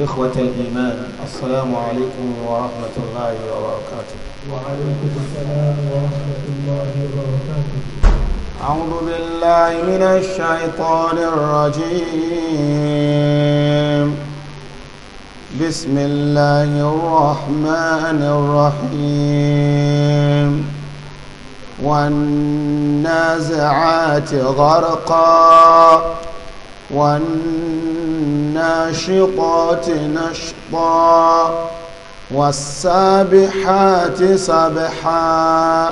إخوة الإيمان السلام عليكم ورحمة الله وبركاته وعليكم السلام ورحمة الله وبركاته أعوذ بالله من الشيطان الرجيم بسم الله الرحمن الرحيم والنازعات غرقا والناشطات نشطا والسابحات سبحا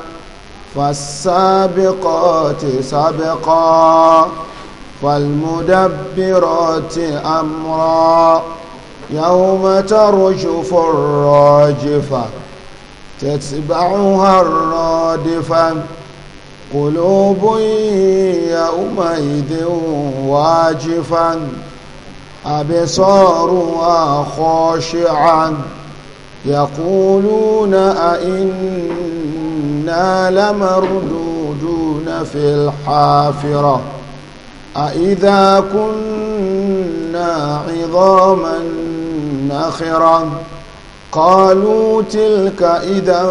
فالسابقات سبقا فالمدبرات أمرا يوم ترجف الراجفة تتبعها الرادفة قلوب يومئذ واجفا أبصارها خاشعا يقولون أئنا لمردودون في الحافرة أئذا كنا عظاما نخرة قالوا تلك إذا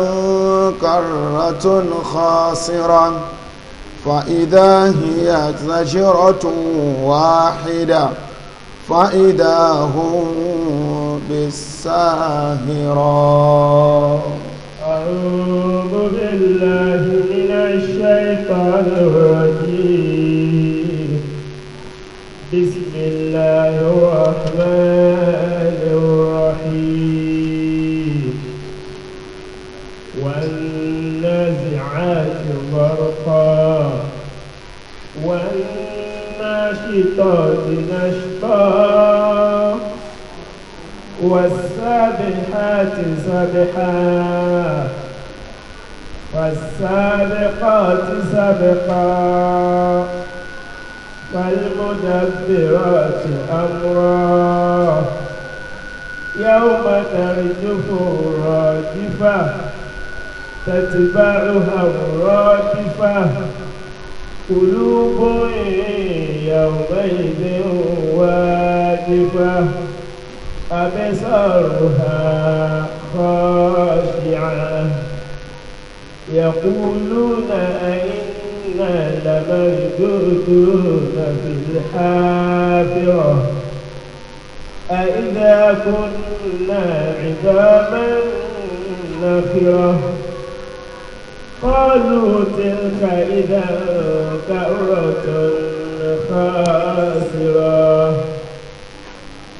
كرة خاسرة فإذا هي زجرة واحدة فإذا هم بالساهرة أعوذ بالله من الشيطان الرجيم بسم الله الرحمن والناشطات نشطا والسابحات سبحا فالسابقات سبقا فالمدبرات أمرا يوم ترجف الراجفة تتبعها الرادفة قلوب يومئذ واجفة أبصارها خاشعة يقولون أئنا لمردودون في الحافرة أئذا كنا عظاما نخرة قالوا تلك إذا كرة خاسرة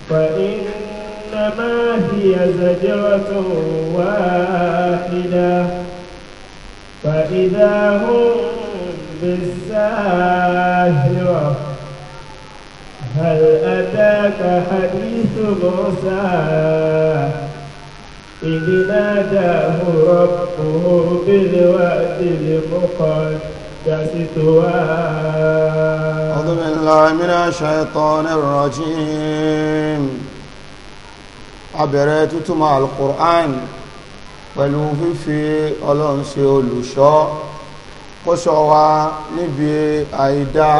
فإنما هي زجرة واحدة فإذا هم بالساهرة هل أتاك حديث موسى إذ ناداه ربه بالواد المقدس طوى أعوذ بالله من الشيطان الرجيم abẹ̀rẹ̀ tútùmọ̀ alukur'an pẹ̀lú fífi ọlọ́run ṣe olùṣọ́ kó ṣọ́ wa níbi àìdá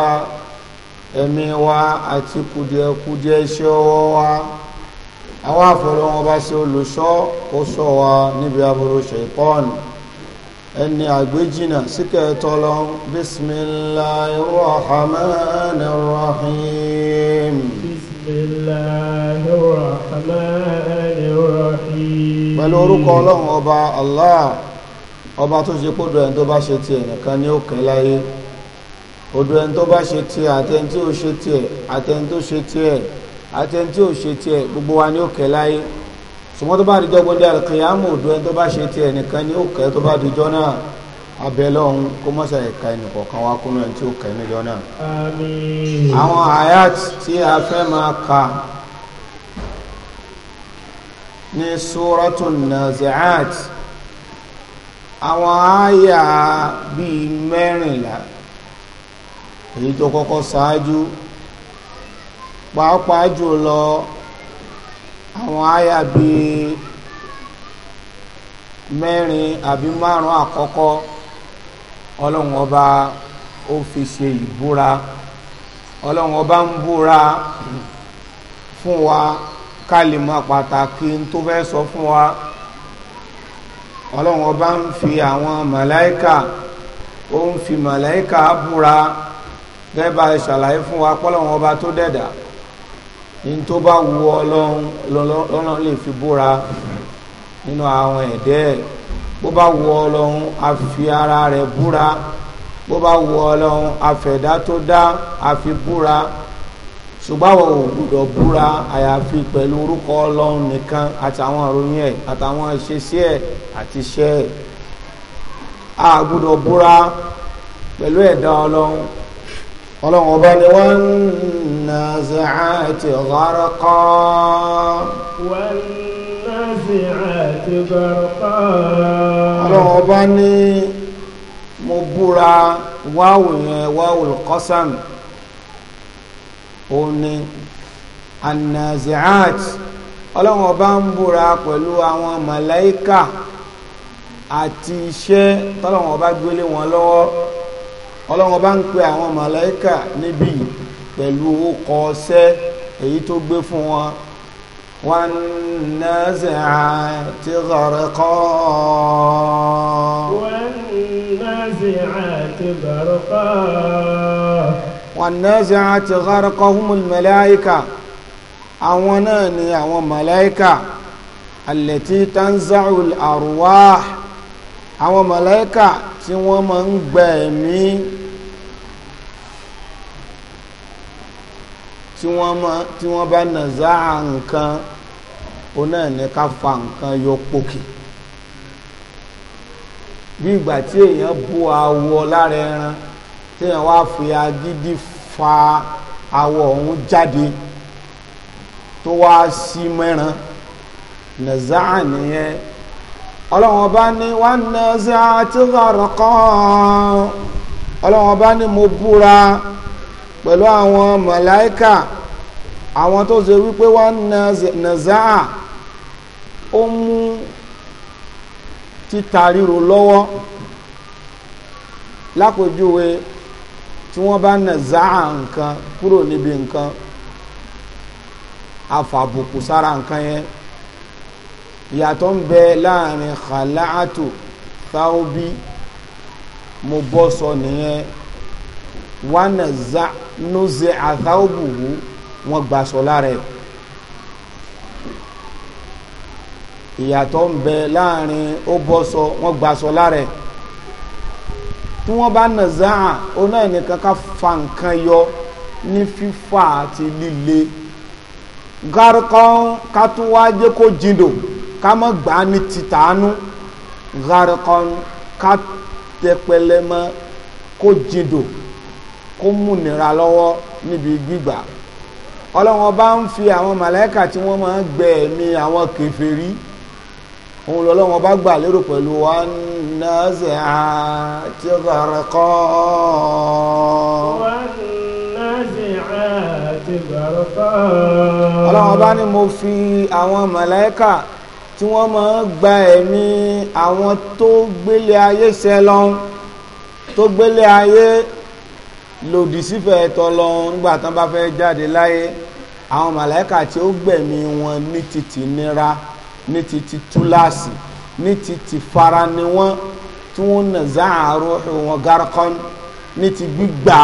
ẹ̀mí wa àti kùdìẹ̀kùdìẹ̀ iṣẹ́ ọwọ́ wa. Kudye, àwọn àfọlọ́ wọn bá ṣe olùṣọ́ ó ṣọ́ wa níbi aburú ṣèpọ́n ẹni àgbéjìnà síkẹ̀ tọ́lọ bismillahir pẹ̀lú orúkọ ọlọ́run ọba allah ọba tó ṣe kó dùn ẹni tó bá ṣe tiẹ̀ nìkan ní òkè láyé odò ẹni tó bá ṣe tiẹ̀ àtẹni ó ṣe tiẹ̀ àtẹni tó ṣe tiẹ̀ àti ẹni tí ò ṣe tiẹ̀ gbogbo wa ni ó kẹ́ láyé ṣùgbọ́n tó bá di jọ́gbọ́n dé àlùkìyàmù òdo ẹni tó bá ṣe tiẹ̀ nìkan ni ó kẹ́ tó bá di jọ́ náà abẹ́ lọ́hún kó mọ́sà ẹ̀ka ẹnìkọ̀ọ̀kan wá kúnú ẹni tí ó kẹ́ níjọ́ náà. àwọn ayat tí a fẹ́ máa ka ní sóràtù nazi'at àwọn àyà bíi mẹ́rìnlá èyí tó kọ́kọ́ ṣáájú. pàápàá jùlọ àwọn àyà bíi mẹ́rin àbí márùn-ún àkọ́kọ́ ọlọ́run ọba ó fi ṣe ìbúra ọlọ́run ọba ń búra fún wa ká lè mọ pàtàkì tó fẹ́ sọ fún wa ọlọ́run ọba ń fi àwọn màláíkà ó ń fi màláíkà búra bẹ́ẹ̀ bá ṣàlàyé fún wa pọ́lọ́run ọba tó dẹ̀dà ní tó bá wu ọlọ́run lọ́nà lè fi búra nínú àwọn ẹ̀dẹ́ ẹ̀ bó bá wu ọlọ́run a fi ara rẹ̀ búra bó bá wu ọlọ́run afẹ̀dá tó dá a fi búra ṣùgbọ́n ò gbọ́dọ̀ búra àyàfi pẹ̀lú orúkọ ọlọ́run nìkan àtàwọn ìròyìn ẹ̀ àtàwọn ìṣesí ẹ̀ àti iṣẹ́ ẹ̀ a gbọ́dọ̀ búra pẹ̀lú ẹ̀dá ọlọ́run ọlọ́run ọba ni wọ́n ń والنازعات غرقا والنازعات غرقا ọlọ́wọ́ bá ní mo búra wáwù yẹn wáwù kọ́sàm ó ní annazi'at ọlọ́wọ́ bá ń búra pẹ̀lú àwọn màláíkà àti iṣẹ́ tọ́lọ́wọ́ bá gbélé wọn lọ́wọ́ ọlọ́wọ́ bá ń pe àwọn màláíkà níbí yìí pẹ̀lú ọkọ̀ ọṣẹ́ èyí tó gbé fún wọn wọn nẹ́sẹ̀ àti gọ̀rẹ́kọ́ wọn nẹ́sẹ̀ àti gọ̀rẹ́kọ́ humul mẹ́láíkà àwọn náà ni àwọn mẹ́láíkà alẹ́tí tanzaul arwah àwọn mẹ́láíkà tí wọ́n máa ń gbẹ̀mí tí wọ́n mọ́ tí wọ́n bá nà zá nǹkan ó náà ní ká fa nǹkan yọ pòkì bí ìgbà tí èèyàn bú awọ lára ẹran tí èèyàn wá fi agídí fa awọ ọ̀hún jáde tó wá sí mẹ́ran nà zá nìyẹn ọlọ́wọ́n bá ní wọ́n nà zá tí ọ̀rọ̀ kan ọlọ́wọ́n bá ní mo búra pẹ̀lú àwọn màláíkà àwọn tó ṣe wípé wọ́n nàzáà ó mú títa ríro lọ́wọ́ lápòjúwe tí wọ́n bá nàzáà nǹkan kúrò níbi nǹkan afàbùkù sára nǹkan yẹn ìyàtọ̀ ń bẹ láàrin khala'atu taubi mo bọ́ sọ nìyẹn wánà záà nuzi àtàwùbùwù wọn gbà sọ lára ẹ̀ ìyàtọ̀ ń bẹ láàrin ó bọ́ sọ wọn gbà sọ lára ẹ̀ tí wọ́n bá nà záà ó náà ká fa nǹkan yọ ní fífà àti líle gárkán ká tún wá jẹ́ kó jindò ká mọ́ gbà ní tìtàánú gárkán ká tẹpẹlẹmọ kó jindò kó múnira lọ́wọ́ níbi gbígbà ọlọ́run ọba ń fi àwọn màláíkà tí wọ́n máa ń gbẹ ẹ̀mí àwọn kèfèrí òun lọ́lọ́run ọba gbà lérò pẹ̀lú wa nàzẹ̀ àti ọ̀rẹ́ kọ́ ọlọ́run ọba ni mo fi àwọn màláíkà tí wọ́n máa ń gba ẹ̀mí àwọn tó gbélé ayé ṣẹlọ́n tó gbélé ayé lòdì sífẹ̀ẹ́ tọlọ́run nígbà tán bá fẹ́ jáde láyé àwọn màláìka tí ó gbẹ̀mí wọn ní ti ti nira ní ti ti túláàsì ní ti ti fara ni wọ́n tí wọ́n nà záàrú wọn gárakọ́n ní ti gbígbà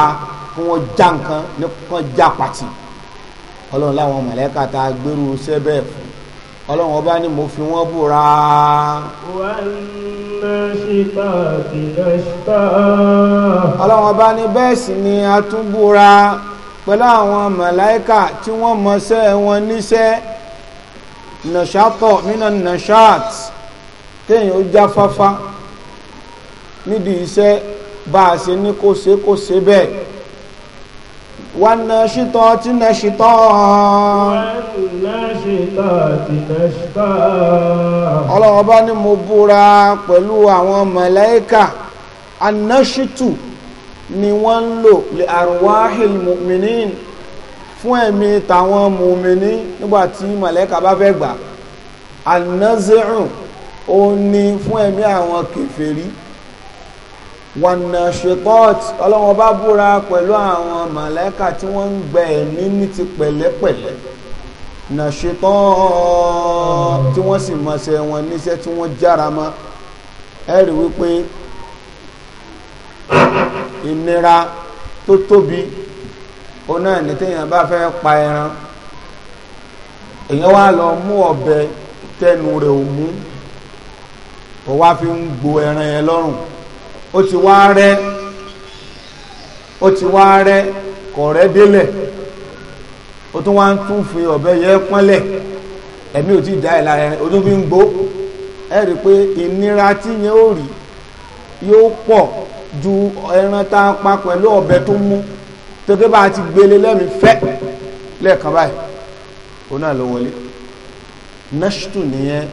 kí wọ́n já nǹkan ní kí pàtì ọlọ́run láwọn màláìka tá a gbèrú sẹ́bẹ̀ẹ́ fún ọlọ́run ọba ni mo fi wọ́n búra. ọlọ́run ọba ni bẹ́ẹ̀ sì ni a tún búra pẹ̀lú àwọn màláíkà tí wọ́n mọṣẹ́ wọn níṣẹ́ nàṣàtọ̀ nínú nàṣàt téèyàn ó jáfáfá nídìí iṣẹ́ bá a ṣe ní kó ṣe kó ṣe bẹ́ẹ̀. والناشطات نشطا ọlọ́wọ́ bá ní mo búra pẹ̀lú àwọn màláíkà anáṣítù ni wọ́n ń lò lè àrùwáhìl mùmìní fún ẹ̀mí tàwọn mùmìní nígbàtí màláíkà bá fẹ́ gbà anáṣírùn ó ní fún ẹ̀mí àwọn kèfèrí wọnà ṣetọ́t ọlọ́wọ́n bá búra pẹ̀lú àwọn mọ̀lẹ́kà tí wọ́n ń gbẹ ẹ̀mí ní ti pẹ̀lẹ́pẹ̀lẹ́ nà ṣetọ́ tí wọ́n sì mọ̀ṣẹ́ wọn níṣẹ́ tí wọ́n jára mọ́ ẹ̀rí wípé ìnira tó tóbi ó náà ní téèyàn bá fẹ́ pa ẹran èèyàn wá lọ mú ọ̀bẹ tẹnu rẹ̀ ò mú fi ń gbo ẹran yẹn lọ́rùn ó ti wá rẹ́ ó ti wá rẹ́ kò rẹ́ délẹ̀ ó tún wá ń tún fi ọ̀bẹ yẹ pọ́nlẹ̀ ẹ̀mí ò tí ì já lára ẹ̀rin ó tún fi ń gbó ẹ̀ rí i pé ìnira tí yẹn ó rí yóò pọ̀ ju ẹran tá a pa pẹ̀lú ọ̀bẹ tó mú tókè bá a ti gbélé lẹ́mìí fẹ́ lẹ́ẹ̀kan báyìí ó náà ló wọlé nashtu nìyẹn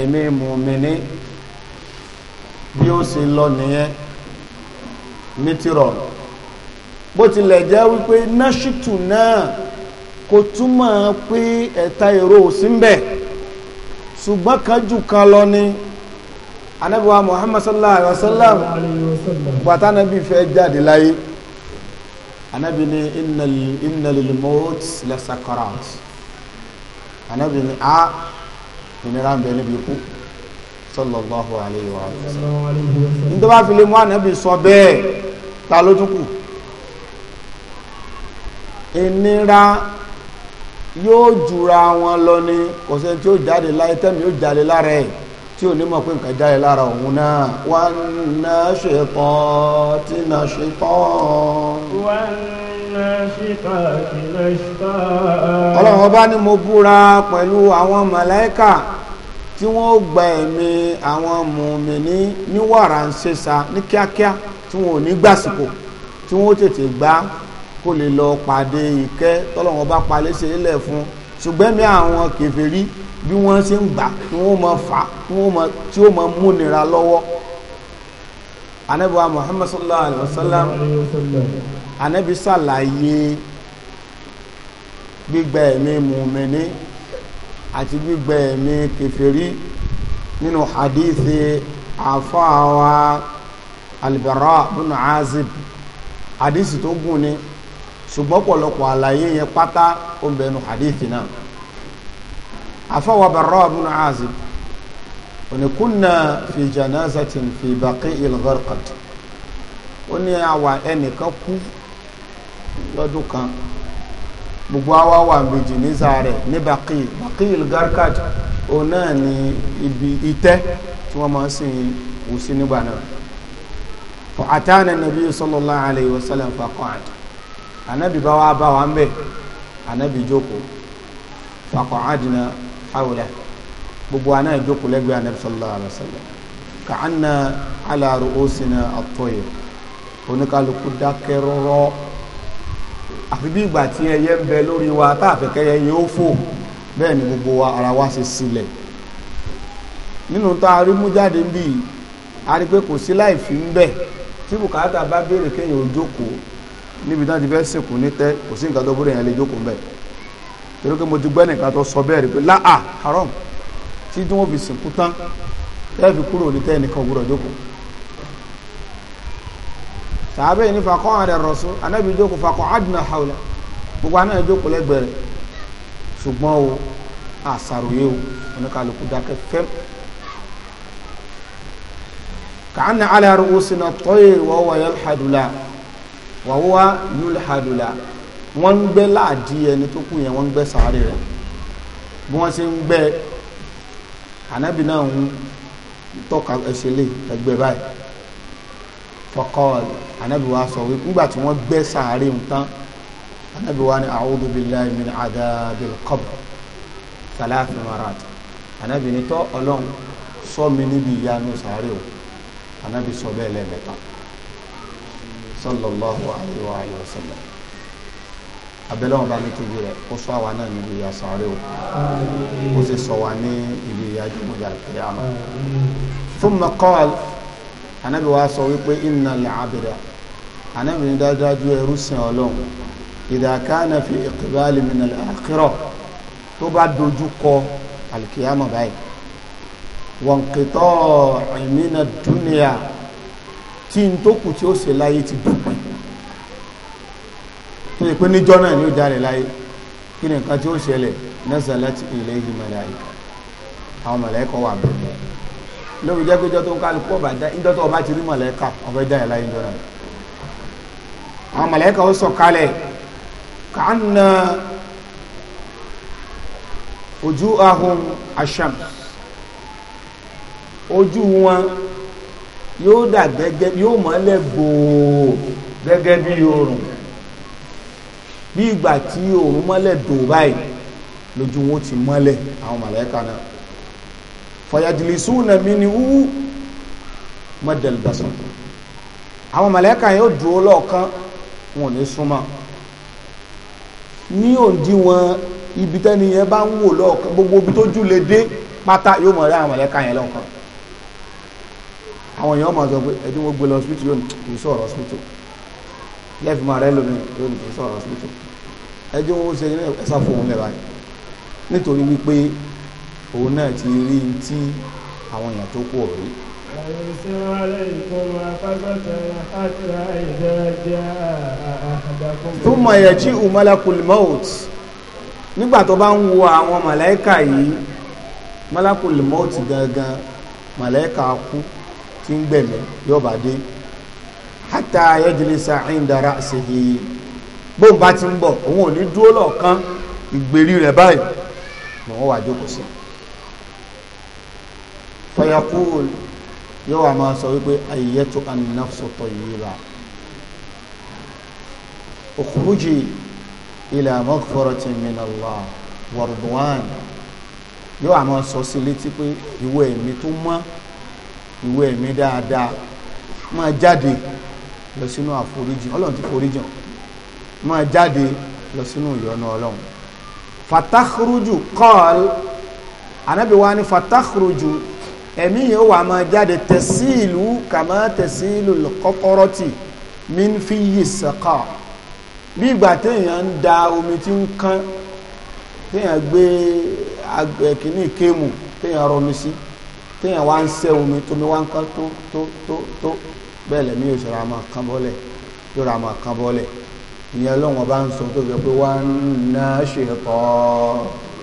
ẹ̀mí mùmíní bí ó ṣe lọ nìyẹn ní tìrọ̀ bó tilẹ̀ jẹ́ wípé náṣítù náà kò túmọ̀ pé ẹ̀ta èrò ò sí mbẹ̀ ṣùgbọ́n kan jù kan lọ ni anábíwá Muhammad sallallahu alaihi wasallam bàtà nàbí fẹ́ jáde láyé anábí ni inna lil mawt la sakarat anábí ni ah, a ìnira ń bẹ níbi ikú sallallahu alayhi wa sallam ní tó bá fi lè mú ànábì sọ bẹ́ẹ̀ ta ló tún kù ìnira yóò jura wọn lọ ni kò sẹ́ni tí ó jáde láyé tẹ́mi yóò jáde lára ẹ̀ tí ò ní mọ̀ pé nǹkan jáde lára òun náà wà na ṣetán. wà tí na ṣetán. ọlọ́run tí wọ́n ó gba ẹ̀mí àwọn mùmìnì ní wàrà ń ṣèṣà ní kíákíá tí wọ́n ò ní gbàsìkò tí wọ́n ó tètè gbá kó lè lọ pàdé ìkẹ́ tọ́lọ́wọ́n bá palẹ́ ṣe ilẹ̀ fún ṣùgbọ́n mi àwọn kèfèrí bí wọ́n ṣe ń gbà tí wọ́n mọ fà tí ó mọ múnira lọ́wọ́ anabiwa muhammad sallallahu alaihi wasallam anabi ṣàlàyé gbígba ẹ̀mí mùmìnì àti gbígbẹ ẹ̀mí kèfèrí nínú hadithi àfáàwá albara bin azib hadithi tó gùn ni ṣùgbọ́n pọ̀lọpọ̀ àlàyé yẹn pátá ó bẹnu hadithi náà àfáàwá bara bin azib òní kúnna fi janazatin fi baqi ilgharqad ó ní àwa ẹnìkan kú lọ́dún kan gbogbo awa wà bí jìnnìza rẹ̀ ní bakil bakil garkat òun náà ni ibi itẹ́ tí wọ́n máa ń sìn wò sí nígbà náà fọ àtàánà nàbí sallallahu alayhi wa sallam faqa'at ànábì bá wàá bá wa ń bẹ̀ ànábì jókòó faqa'adna hawla gbogbo àná ìjókòó lẹ́gbẹ̀ẹ́ ànábì sallallahu alayhi wa sallam ka'anna ala ru'usina at-tayr oníkàlùkù dákẹ́ àfi bí ìgbà tí ẹyẹ ń bẹ lórí wa táàfẹ́kẹ́yẹ yóò fò bẹ́ẹ̀ ni gbogbo wa ara wa ṣe sílẹ̀ nínú tá a rí mú jáde ń bì í a rí pé kò sí láì fi ń bẹ̀ tí bùkátà bá béèrè kéèyàn ò jókòó níbi náà ti fẹ́ sìnkú ní tẹ́ kò sí nǹkan tó bóre yẹn lè jókòó bẹ́ẹ̀ torí pé mo ti gbẹ́ nìkan tó sọ bẹ́ẹ̀ rí pé láà haram tí wọ́n fi sìnkú tán tẹ́ẹ̀ fi kúrò ní tẹ́ nìkan gbúdọ̀ jókòó sàábẹ́ ní fakọ́ àrẹ rọ̀sọ́ anábì jókòó fakọ́ adùnà haula gbogbo anáà jókòó lẹ́gbẹ̀rẹ̀ ṣùgbọ́n o àṣàròyé o oníkàlùkù dákẹ́ fẹ́ kàánà ala ru'usina at-tayr wa huwa yulhadula wa huwa yulhadula wọ́n ń gbẹ́ láàdí ẹni tó kù yẹn wọ́n ń gbẹ́ sàárè rẹ̀ bí wọ́n ṣe ń gbẹ́ anábì náà ń tọ́ka ẹsẹ̀ ẹgbẹ́ báyìí faqala anabi wa sọ wípé nígbà tí wọ́n gbẹ́ sàárè ń tán anabi wa ni a'udhu billahi min adhabil qabr salafi marat anabi ni tọ́ ọlọ́run sọ mi níbi ìyanu sàárè o anabi sọ bẹ́ẹ̀ lẹ́ẹ̀mẹ́ta sallallahu alayhi wa alayhi wa sallam abẹ́lẹ́ wọn bá ní tóbi rẹ̀ kó sọ àwa náà níbi ìyá sàárè o kó sì sọ wa ní ibi ìyá jùmọ̀jà kìlẹ̀ àmọ́ thumma qala sọ wípé innal abda anábìnrin dájúdájú ẹrú sin ọlọ́run ìdàkánà fi ìkìbálì min al-akhirah tó bá dojú kọ alkiyama báyìí wọn kìtọ́ ìmìnà dúnìyà tí n tó kù tí ó ṣe láyé ti dùpẹ́ tó yẹ pé níjọ́ náà ni ó jáde láyé kí ni nǹkan tí ó ṣẹlẹ̀ nazalat ilayhi malaika àwọn màláíkà wà bẹ̀rẹ̀ lórí jẹ́ pé jọ́ tó ń kálukú ọba ìjọ́ tó ọba ti rí màláíkà ọba ìjà ìlà ìjọ náà àwọn mọ̀lẹ́kà ó sọ̀kalẹ̀ kàánà ojú ahun asham ojú wọn yóò dà gẹ́gẹ́ yóò mọ́lẹ̀ gbòò gẹ́gẹ́ bí oòrùn bí ìgbà tí oòrùn mọ́lẹ̀ dò báyìí lójú wọn ti mọ́lẹ̀ àwọn mọ̀lẹ́kà náà fọ̀yàjìlísù nà mí ni wú mọ́dẹ̀lbàṣọ́ àwọn mọ̀lẹ́kà yóò dúró lọ́ọ̀kan wọn ò ní súnmọ́ ní òdiwọ̀n ibi tẹ́ni yẹn bá ń wò lọ́ọ̀kan gbogbo ibi tó jù lè dé pátá yóò mọ̀ rí àwọn mọ̀lẹ́ka yẹn lọ́ọ̀kan àwọn èèyàn máa sọ pé ẹni wọ́n gbé lọ hospital yóò ní sọ̀rọ̀ hospital lẹ́ẹ̀fì máa rẹ́ lómi yóò ní sọ̀rọ̀ hospital ẹjọ́ owó ṣe ní ẹ̀sà fóun lẹ́ba yìí nítorí wípé òun náà ti rí tí àwọn èèyàn tó kú ọ̀rọ̀ yìí أرسل عليكم عقبة حتى إذا جاء أحدكم ثم يجيء ملك الموت nígbà tó bá ń wo àwọn màláíkà yìí malakul mọ́t gangan màláíkà kú tí ń gbẹ̀mẹ̀ yóò bá dé hátà yajlisa inda ra'sihi bóun bá ti ń bọ̀ òun ò ní dúró lọ́ọ̀kan ìgbèrí rẹ̀ báyìí wọ́n wà jókòó sí fayakul yóò wà máa sọ wípé ayyatu an-nafsu tayyiba ukhruji ila maghfiratin min Allah wa ridwan yóò wà máa sọ sí létí pé ìwé ẹ̀mí tó mọ́ ìwé ẹ̀mí dáadáa máa jáde lọ sínú àforíjì ọlọ́run ti foríjì máa jáde lọ sínú ìyọ́nú ọlọ́run fatakhruju qal anábìwá ní fatakhruju ẹ̀mí yẹn ó wà máa jáde tẹ̀síìlú kàmá tẹ̀síìlú kọ́kọ́rọ́tì mi ń fi yí sàkà bí ìgbà téèyàn ń da omi tí ń kán téèyàn gbé ẹ̀kíní kéèmù téèyàn rọmi sí téèyàn wá ń sẹ́ omi tómi wá ń kán tó tó tó tó bẹ́ẹ̀ lẹ́mí yóò ṣọra máa kán bọ́lẹ̀ yóò ra máa kán bọ́lẹ̀ ìyẹn lọ́wọ́n bá ń sọ tó fi pé wá ń ná ṣe kọ́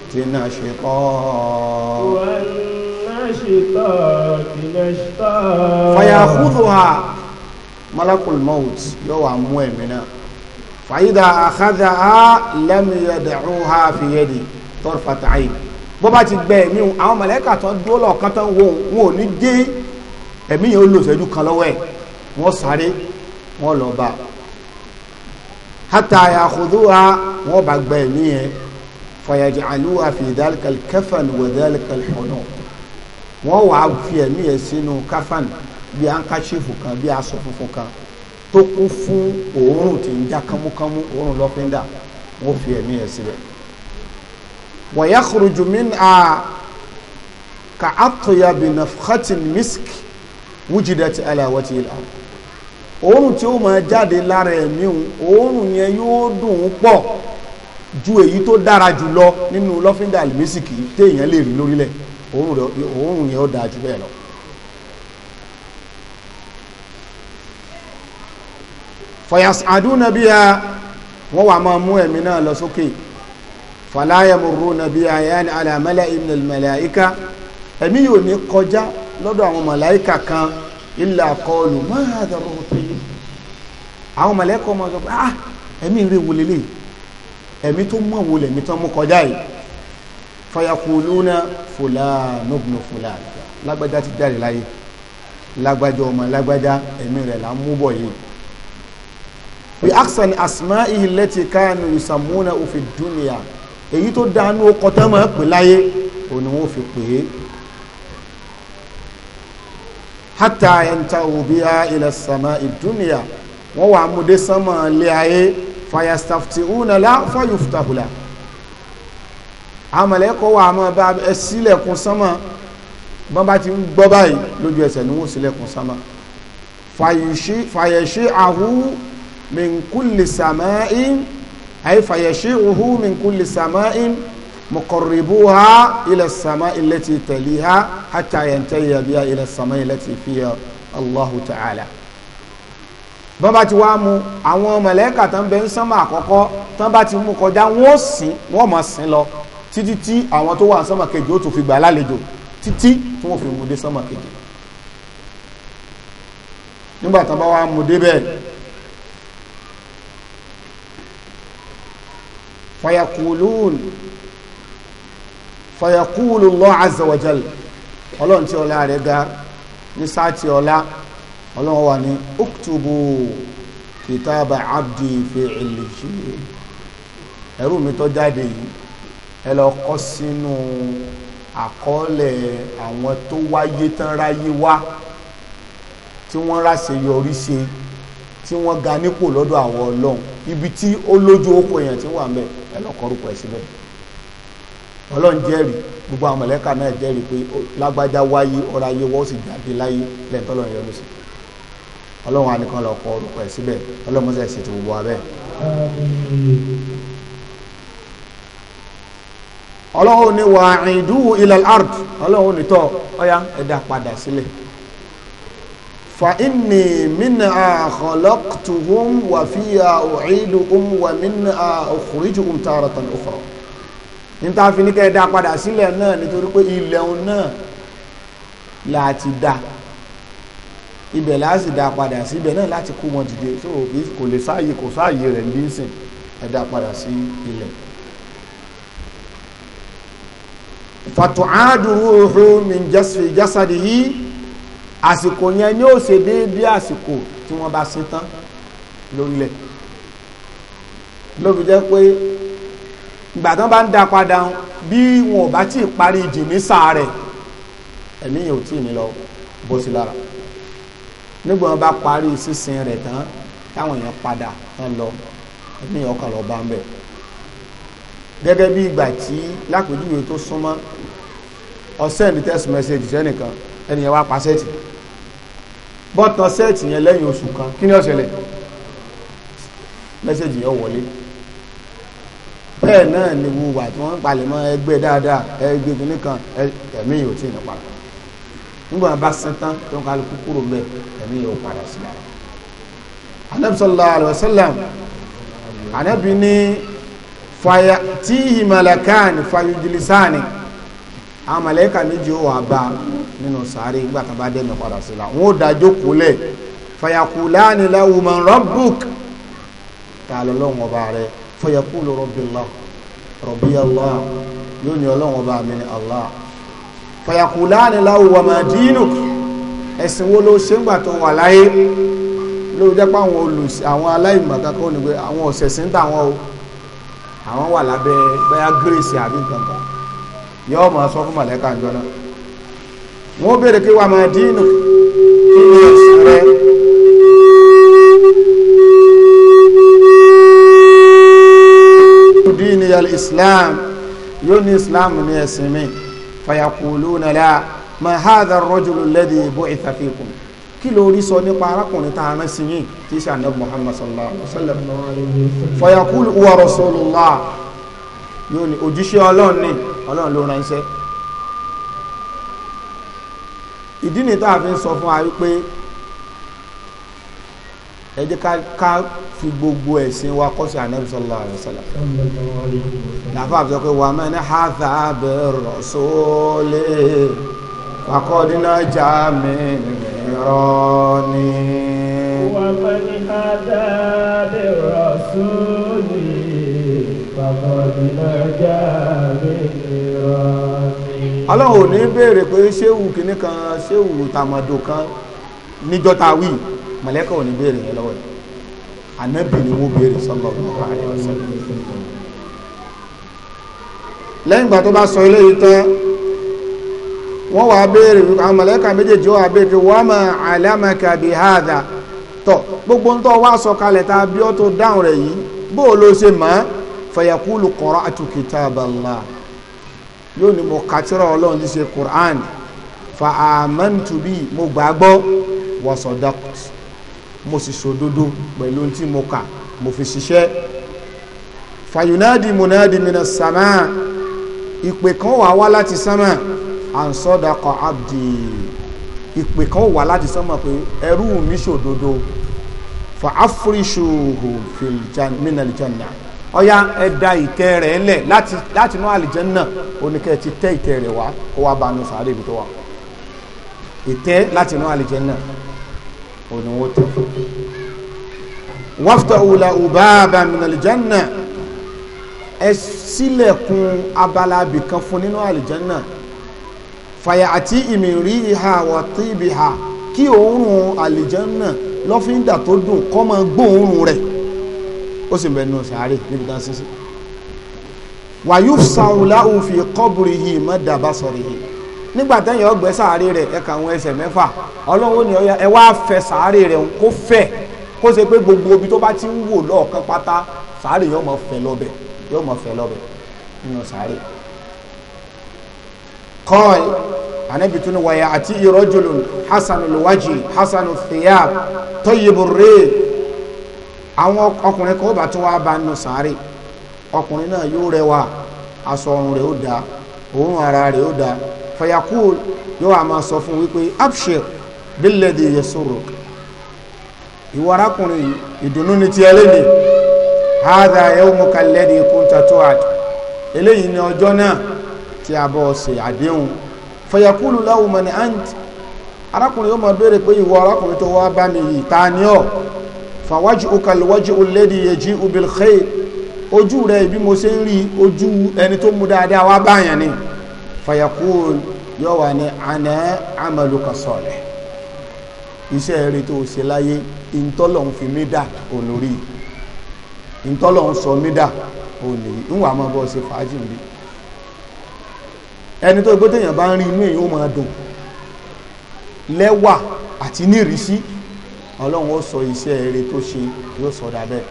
tí ná ṣe kọ́. الشقاق لشقاق فيأخذها ملك الموت يو أموه منا فإذا أخذها لم يدعوها في يدي طرفة عين bó bá ti gbẹ ẹ̀mí òun àwọn mọ̀lẹ́kà tó ń dúró lọ́ọ̀kan tó ń wo òun ò ní dé ẹ̀mí yẹn ó lò ṣẹ́jú kan lọ́wọ́ ẹ̀ wọ́n sáré wọ́n lọ bá hátà àyàkùdúwà wọ́n bá gbẹ ẹ̀mí yẹn fàyàjì àlúwà fi dhalika al-kafan wa dhalika al wọ́n wà á fi ẹ̀mí ẹ̀ sínú káfánì bí ankachifu kan bí aṣọ funfun kan tó kún fún òórùn tí ń já kánmúkánmú òórùn lọ́fíńdà wọ́n fi ẹ̀mí ẹ̀ síbẹ̀. wa yakhruju minha ka atyabi nafkhatin misk wujidat ala wajhi al-ard òórùn tí ó máa jáde lára ẹ̀mí òórùn yẹn yóò dùn ún pọ̀ ju èyí tó dára jù lọ nínú lọ́fíńdà àlùmísìkì téèyàn lè rí lórílẹ̀ òórùn yẹn ó dáa jù bẹ́ẹ̀ lọ. fọyàs àdúnà bí a wọ́n wà máa mú ẹ̀mí náà lọ sókè fàlàyé mọ̀rọ̀ nàbí a yẹn alàmẹ́lẹ̀ ibn mẹ̀láìka ẹ̀mí yóò ní kọjá lọ́dọ̀ àwọn màláíkà kan ilẹ̀ àkọọlù máa dọ̀rọ̀ fayakuluna fulani ibn fulani lágbájá ti jáde láyé lágbájá ọmọ lágbájá ẹ̀mí rẹ̀ là ń mú bọ̀ yìí bí aksan asma'ihi allati kanu yusammuna fi dunya èyí tó dánú ọkọ̀ tán máa pè láyé òní wọ́n fi pè é hatta yantahu biha ila sama'i dunya wọ́n wà mú dé sánmà lé ayé fayastafti'una la fayuftahula àwọn mọ̀lẹ́kọ̀ wà mọ́ bá ẹ sílẹ̀kùn sánmà bọ́n bá ti ń gbọ́ báyìí lójú ẹsẹ̀ ni wọ́n sílẹ̀kùn sánmà fàyẹ̀ṣe àhú mìkúlì sàmáín àyè fàyẹ̀ṣe òhú mìkúlì sàmáín mọ̀kọ̀rìbú ha ilẹ̀ sàmá ilẹ̀ ti tẹ̀lé ha àtàyẹ̀ntẹ́ yẹ̀bí ilẹ̀ sàmá ilẹ̀ ti títí tí àwọn tó wà ní sánmà kejì ó tún fi gbà lálejò títí tí wọ́n fi mú dé sánmà kejì nígbà tá bá wá mú dé bẹ́ẹ̀ fayakulun fayakulu Allah azza wa jal ọlọ́run tí ọlá rẹ̀ ga ní sáàtì ọlá ọlọ́run wà ní uktubu kitaba abdi fi illiyin ẹrú mi tó jáde yìí ẹ lọ kọ́ sínú àkọọ́lẹ̀ àwọn tó wáyé tán ráyé wá tí wọ́n ráṣe yọrí ṣe tí wọ́n ga nípò lọ́dọ̀ àwọn ọlọ́run ibi tí ó lójú oko èèyàn tí wà ń bẹ ẹ lọ kọ́ orúkọ ẹ síbẹ̀ ọlọ́run jẹ́rìí gbogbo àwọn mọ̀lẹ́kà náà jẹ́rìí pé lágbájá wáyé ọ̀rọ̀ ayé wọ́n sì jáde láyé lẹ́yìn tọ́lọ́run yọrí ṣe ọlọ́run anìkan lọ kọ́ orúkọ ẹ síbẹ̀ ọlọ́run mọ́sẹ̀ ṣètò gbogbo abẹ́ ọlọ́wọ́ ni wà ìdú ilẹ̀ ard ọlọ́wọ́ ni tọ́ ọya ẹ̀dá padà sílẹ̀ fa inni minna khalaqtuhum wa fiya u'iduhum wa minna ukhrijuhum taratan ukhra ní ta fi ní kẹ́ ẹ̀dá padà sílẹ̀ náà nítorí pé ilẹ̀un náà láti dá ibẹ̀ láti dá padà sí ibẹ̀ náà láti kó wọn dìde so kò lè sáàyè kò sáàyè rẹ̀ ní sìn ẹ̀dá padà sí ilẹ̀ fàtúhádù ruhu min jásàdì yìí àsìkò yẹn ni ó ṣe déédéé àsìkò tí wọ́n bá sin tán lórílẹ̀ ló fi jẹ́ pé ìgbà tán bá ń dá padà bí wọn ò bá tí ì parí jìnnìsà rẹ̀ ẹ̀mí yẹn ò tí ì ní lọ bó sí lára nígbà wọn bá parí sísin rẹ̀ tán táwọn èèyàn padà tán lọ ẹ̀mí yẹn ọkàn lọ bá ń bẹ̀ gẹ́gẹ́ bí ìgbà tí lápèjúwe tó súnmọ́ ọ̀sẹ̀ ní text message sẹ́nìkan ẹnìyẹn wá pa sẹ́ẹ̀tì bọ́tàn sẹ́ẹ̀tì yẹn lẹ́yìn oṣù kan kí ni ó ṣẹlẹ̀ mẹ́sẹ̀jì yẹn wọlé bẹ́ẹ̀ náà ni wùwà tí wọ́n ń palẹ̀ mọ́ ẹgbẹ́ dáadáa ẹgbẹ́ kìíní kan ẹ̀mí yóò tí ì nípa nígbà bá sin tán tó ń kálukú kúrò mẹ́ ẹ̀mí yóò padà sí i. anabi sallallahu alayhi wa sallam anabi ní fayatihi malakani fayujilisani àwọn màlẹ́kà méjì ó wà bá nínú sàárè nígbà tó dẹ́mi padà sí wọn ó dájọ́ kulẹ̀ fayakulani lahu man rabbuk ta lọ́lọ́run ọba rẹ fayakulu rabbillah rabbi allah yóò ní ọlọ́run ọba mi ni allah fayakulani lahu wa ma dinuk ẹ̀sìn wo ló ṣe ń gbà tó wà láyé ló jẹ́ pé àwọn olùsí àwọn aláìmọ̀kákọ́ ni pé àwọn ọ̀sẹ̀sìn táwọn o àwọn wà lábẹ́ bẹ́yà gírèsì àbí kankan yóò máa sọ fún mọ̀lẹ́kà ń jọ́nà wọ́n bèèrè kí wà máa dínú kí ni ẹ̀sìn rẹ islam yóò ní islam ní ẹ̀sìn mi fàyàkùlù nàlá ma hadha ar-rajulu alladhi bu'itha fikum kí ló rí sọ nípa arákùnrin tá a rán sí yìí tí ṣe ànábì muhammad sallallahu alaihi wa sallam fayakul wa rasulullah yóò ní òjíṣẹ́ ọlọ́run ní ọlọ́run ló ránṣẹ́ ìdí ni tá a fi ń sọ fún wa wípé ẹ jẹ́ ká fi gbogbo ẹ̀sìn wa kọ́ sí ànábì sallallahu alaihi làfà àbúzọ pé wà mẹ́ni hàtà bẹ̀rọ̀ sólè fàkọ́dínà jáàmì نيراني ومن أتى بالرسول فقد نجا بالنيران ọlọ́run ò ní béèrè pé ṣéwù kìíní kan ṣéwù tàmàdò kan níjọta wí màlẹ́kà ò ní béèrè yẹn lọ́wọ́ yìí ànábì ni wọ́n béèrè sallallahu alaihi wasallam lẹ́yìn ìgbà tó bá sọ eléyìí tán wọ́n wà béèrè àwọn mọ̀lẹ́kà méjèèjì wà béèrè wọ́n mọ̀ àlámàkà bí háàdà tọ̀ gbogbo ń tọ́ wá sọ tá a bí ọ́ tó dáhùn rẹ̀ yìí bó o ló ṣe mọ̀ fayakulu qara'tu kitaballah yóò ní mo kàtírọ̀ ọlọ́run ti ṣe Qur'an fa amantu bi mo gbàgbọ́ wa sadaqt mo sì ṣòdodo pẹ̀lú tí mo kà mo fi ṣiṣẹ́ fayunadi munadi minas sama ìpè kan wà wá láti sánmà ansọdakọ abdi ìpè kan wà láti sánmà pé ẹrú mi ṣòdodo fa afrishuhu fil min aljanna ọya ẹ̀dá ìtẹ́ rẹ̀ lẹ̀ láti inú àlìjẹ́nà oníkẹ́ ti tẹ́ ìtẹ́ rẹ̀ wá kó wá bá nu sàárè ibi tó wà ìtẹ́ láti inú àlìjẹ́nà oníwó tẹ́ waftahu lahu baban min aljanna ẹ ṣílẹ̀kùn abala abìkan fún nínú àlìjẹ́nà fàyà àti ìmìrí ìhà wàtí ibi ha kí òórùn àlìjánà lọ́fíńdà tó dùn kó máa gbóòórùn rẹ̀ ó sì bẹ̀rẹ̀ nù sàárè níbi tá a sísí wàyú sàúlá òfin kọ́bùrì yìí má dàbà sọ̀rọ̀ yìí nígbà tẹ́yìn ọgbẹ́ sàárè rẹ̀ ẹ̀ka àwọn ẹsẹ̀ mẹ́fà ọlọ́run ni ọya ẹ wá fẹ̀ sàárè rẹ̀ kó fẹ̀ kó ṣe pé gbogbo ibi tó bá ti ń wò lọ́ọ̀kan pátá sàárè yóò máa fẹ̀ lọ́bẹ̀ yóò máa fẹ̀ lọ́bẹ̀ nínú sàárè قال anabi tún wàyà àti ìrọ́jùlùn حسن wajhi hasanul thiyab tayyibur rih àwọn ọkùnrin kan ó bá tún wá bá nù sáré ọkùnrin náà yóò rẹwà aṣọ ọrùn rẹ̀ ó da òórùn ara rẹ̀ ó da fayakul yóò wá máa sọ fún wípé abshir bílẹ̀dì yasuruk ìwọ arákùnrin ìdùnnú ni ti ẹlẹ́ni hadha yawmuka alladhi kunta tu'ad eléyìí ni ọjọ́ náà tí a bọ́ ṣe àdéhùn fayakulu lahu man ant arákùnrin yóò máa béèrè pé ìwọ arákùnrin tó wá bá mi yìí ta ni ọ́ fàwájú okalwájú olèdí yẹjí ubilxe ojú rẹ̀ bí mo ṣe ń rí ojú ẹni tó mú dáadáa wá báyàn ni fayakulu yóò wà ní àná amaluka salih iṣẹ́ rẹ̀ tó ṣe láyé ìntọ́lọ̀ ń fi mí dà òun rí ìntọ́lọ̀ ń sọ mí dà òun nìyí ń wà máa bọ́ ṣe fàájì nìyí ẹni tó gbé téèyàn bá ń rí inú èyí ó máa dùn lẹ́wà àti nírìísí ọlọ́run ó sọ iṣẹ́ eré tó ṣe yóò sọ dábẹ́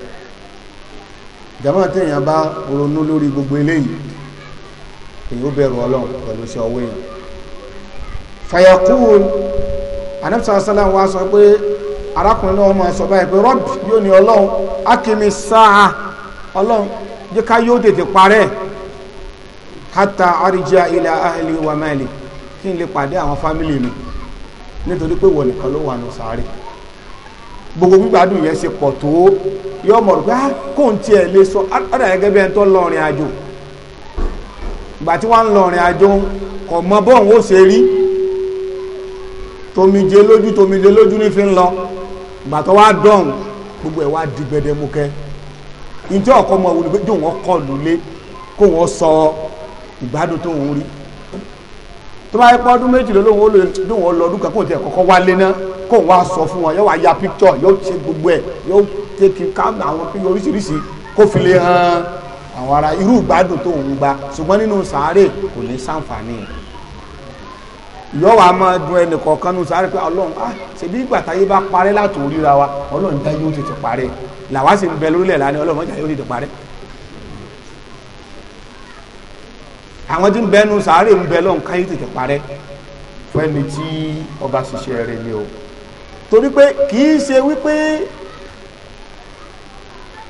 jàmáà téèyàn bá ronú lórí gbogbo eléyìí èyí ó bẹ̀rù ọlọ́run pẹ̀lú iṣẹ́ ọwọ́ èyí fàyàkùn anabisalaam wa sọ pé arákùnrin náà máa sọ báyìí pé rọ́bì yóò ní ọlọ́run akimi sáà ọlọ́run jẹ́ yóò tètè parẹ́ hatta arija ila ahli wa mali kí n lè pàdé àwọn fámìlì mi nítorí pé wọ́n nìkan ló wà ní sáré gbogbo gbígbádùn yẹn ṣe pọ̀ tó yọ mọ̀ pé ah, kóun tiẹ̀ lè sọ ọ̀dà gẹ́gẹ́ bí ẹni tó lọ́rin àjò ìgbà tí wọ́n ń lọ́rin àjò kò mọ bọ́ọ̀n ó ṣe rí tomijé lójú tomijé lójú ní fi ń lọ ìgbà tó wá dọ̀hún gbogbo ẹ̀ wá di gbẹdẹmukẹ njẹ́ ọ̀kọ́ mọ̀ wùlù pé jòun ọkọ̀ lulẹ̀ kóun ọ sọ ìgbádùn tó ń rí tó bá pọ́ ọdún méjì lólówó lóun ó lọ ọdún kan kó tiẹ̀ kọ́kọ́ wá lé náà kó wá sọ fún wọn yóò wá ya píkítọ̀ yóò ṣe gbogbo ẹ̀ yóò tẹ́kì káàmù àwọn píkítọ̀ oríṣiríṣi kó fi lè hàn àwọn ará irú ìgbádùn tó ń gba ṣùgbọ́n nínú sàárè kò ní sàǹfààní ẹ̀ yóò wá máa dun ẹnì kọ̀ọ̀kan nù sáré pé ọlọ́run á ah, ṣèbí ìgbà táyé bá parẹ́ látòrí ra wa ọlọ́run dá yóò tètè parẹ́ làwa sì ń bẹ lórílẹ̀ lánàá ọlọ́run dá yóò tètè parẹ́ àwọn tí ń bẹnu sàárè ń bẹ lọ́n káyé tètè parẹ́ fẹ́ni tí ọba ṣiṣẹ́ ní o torí pé kì í ṣe wípé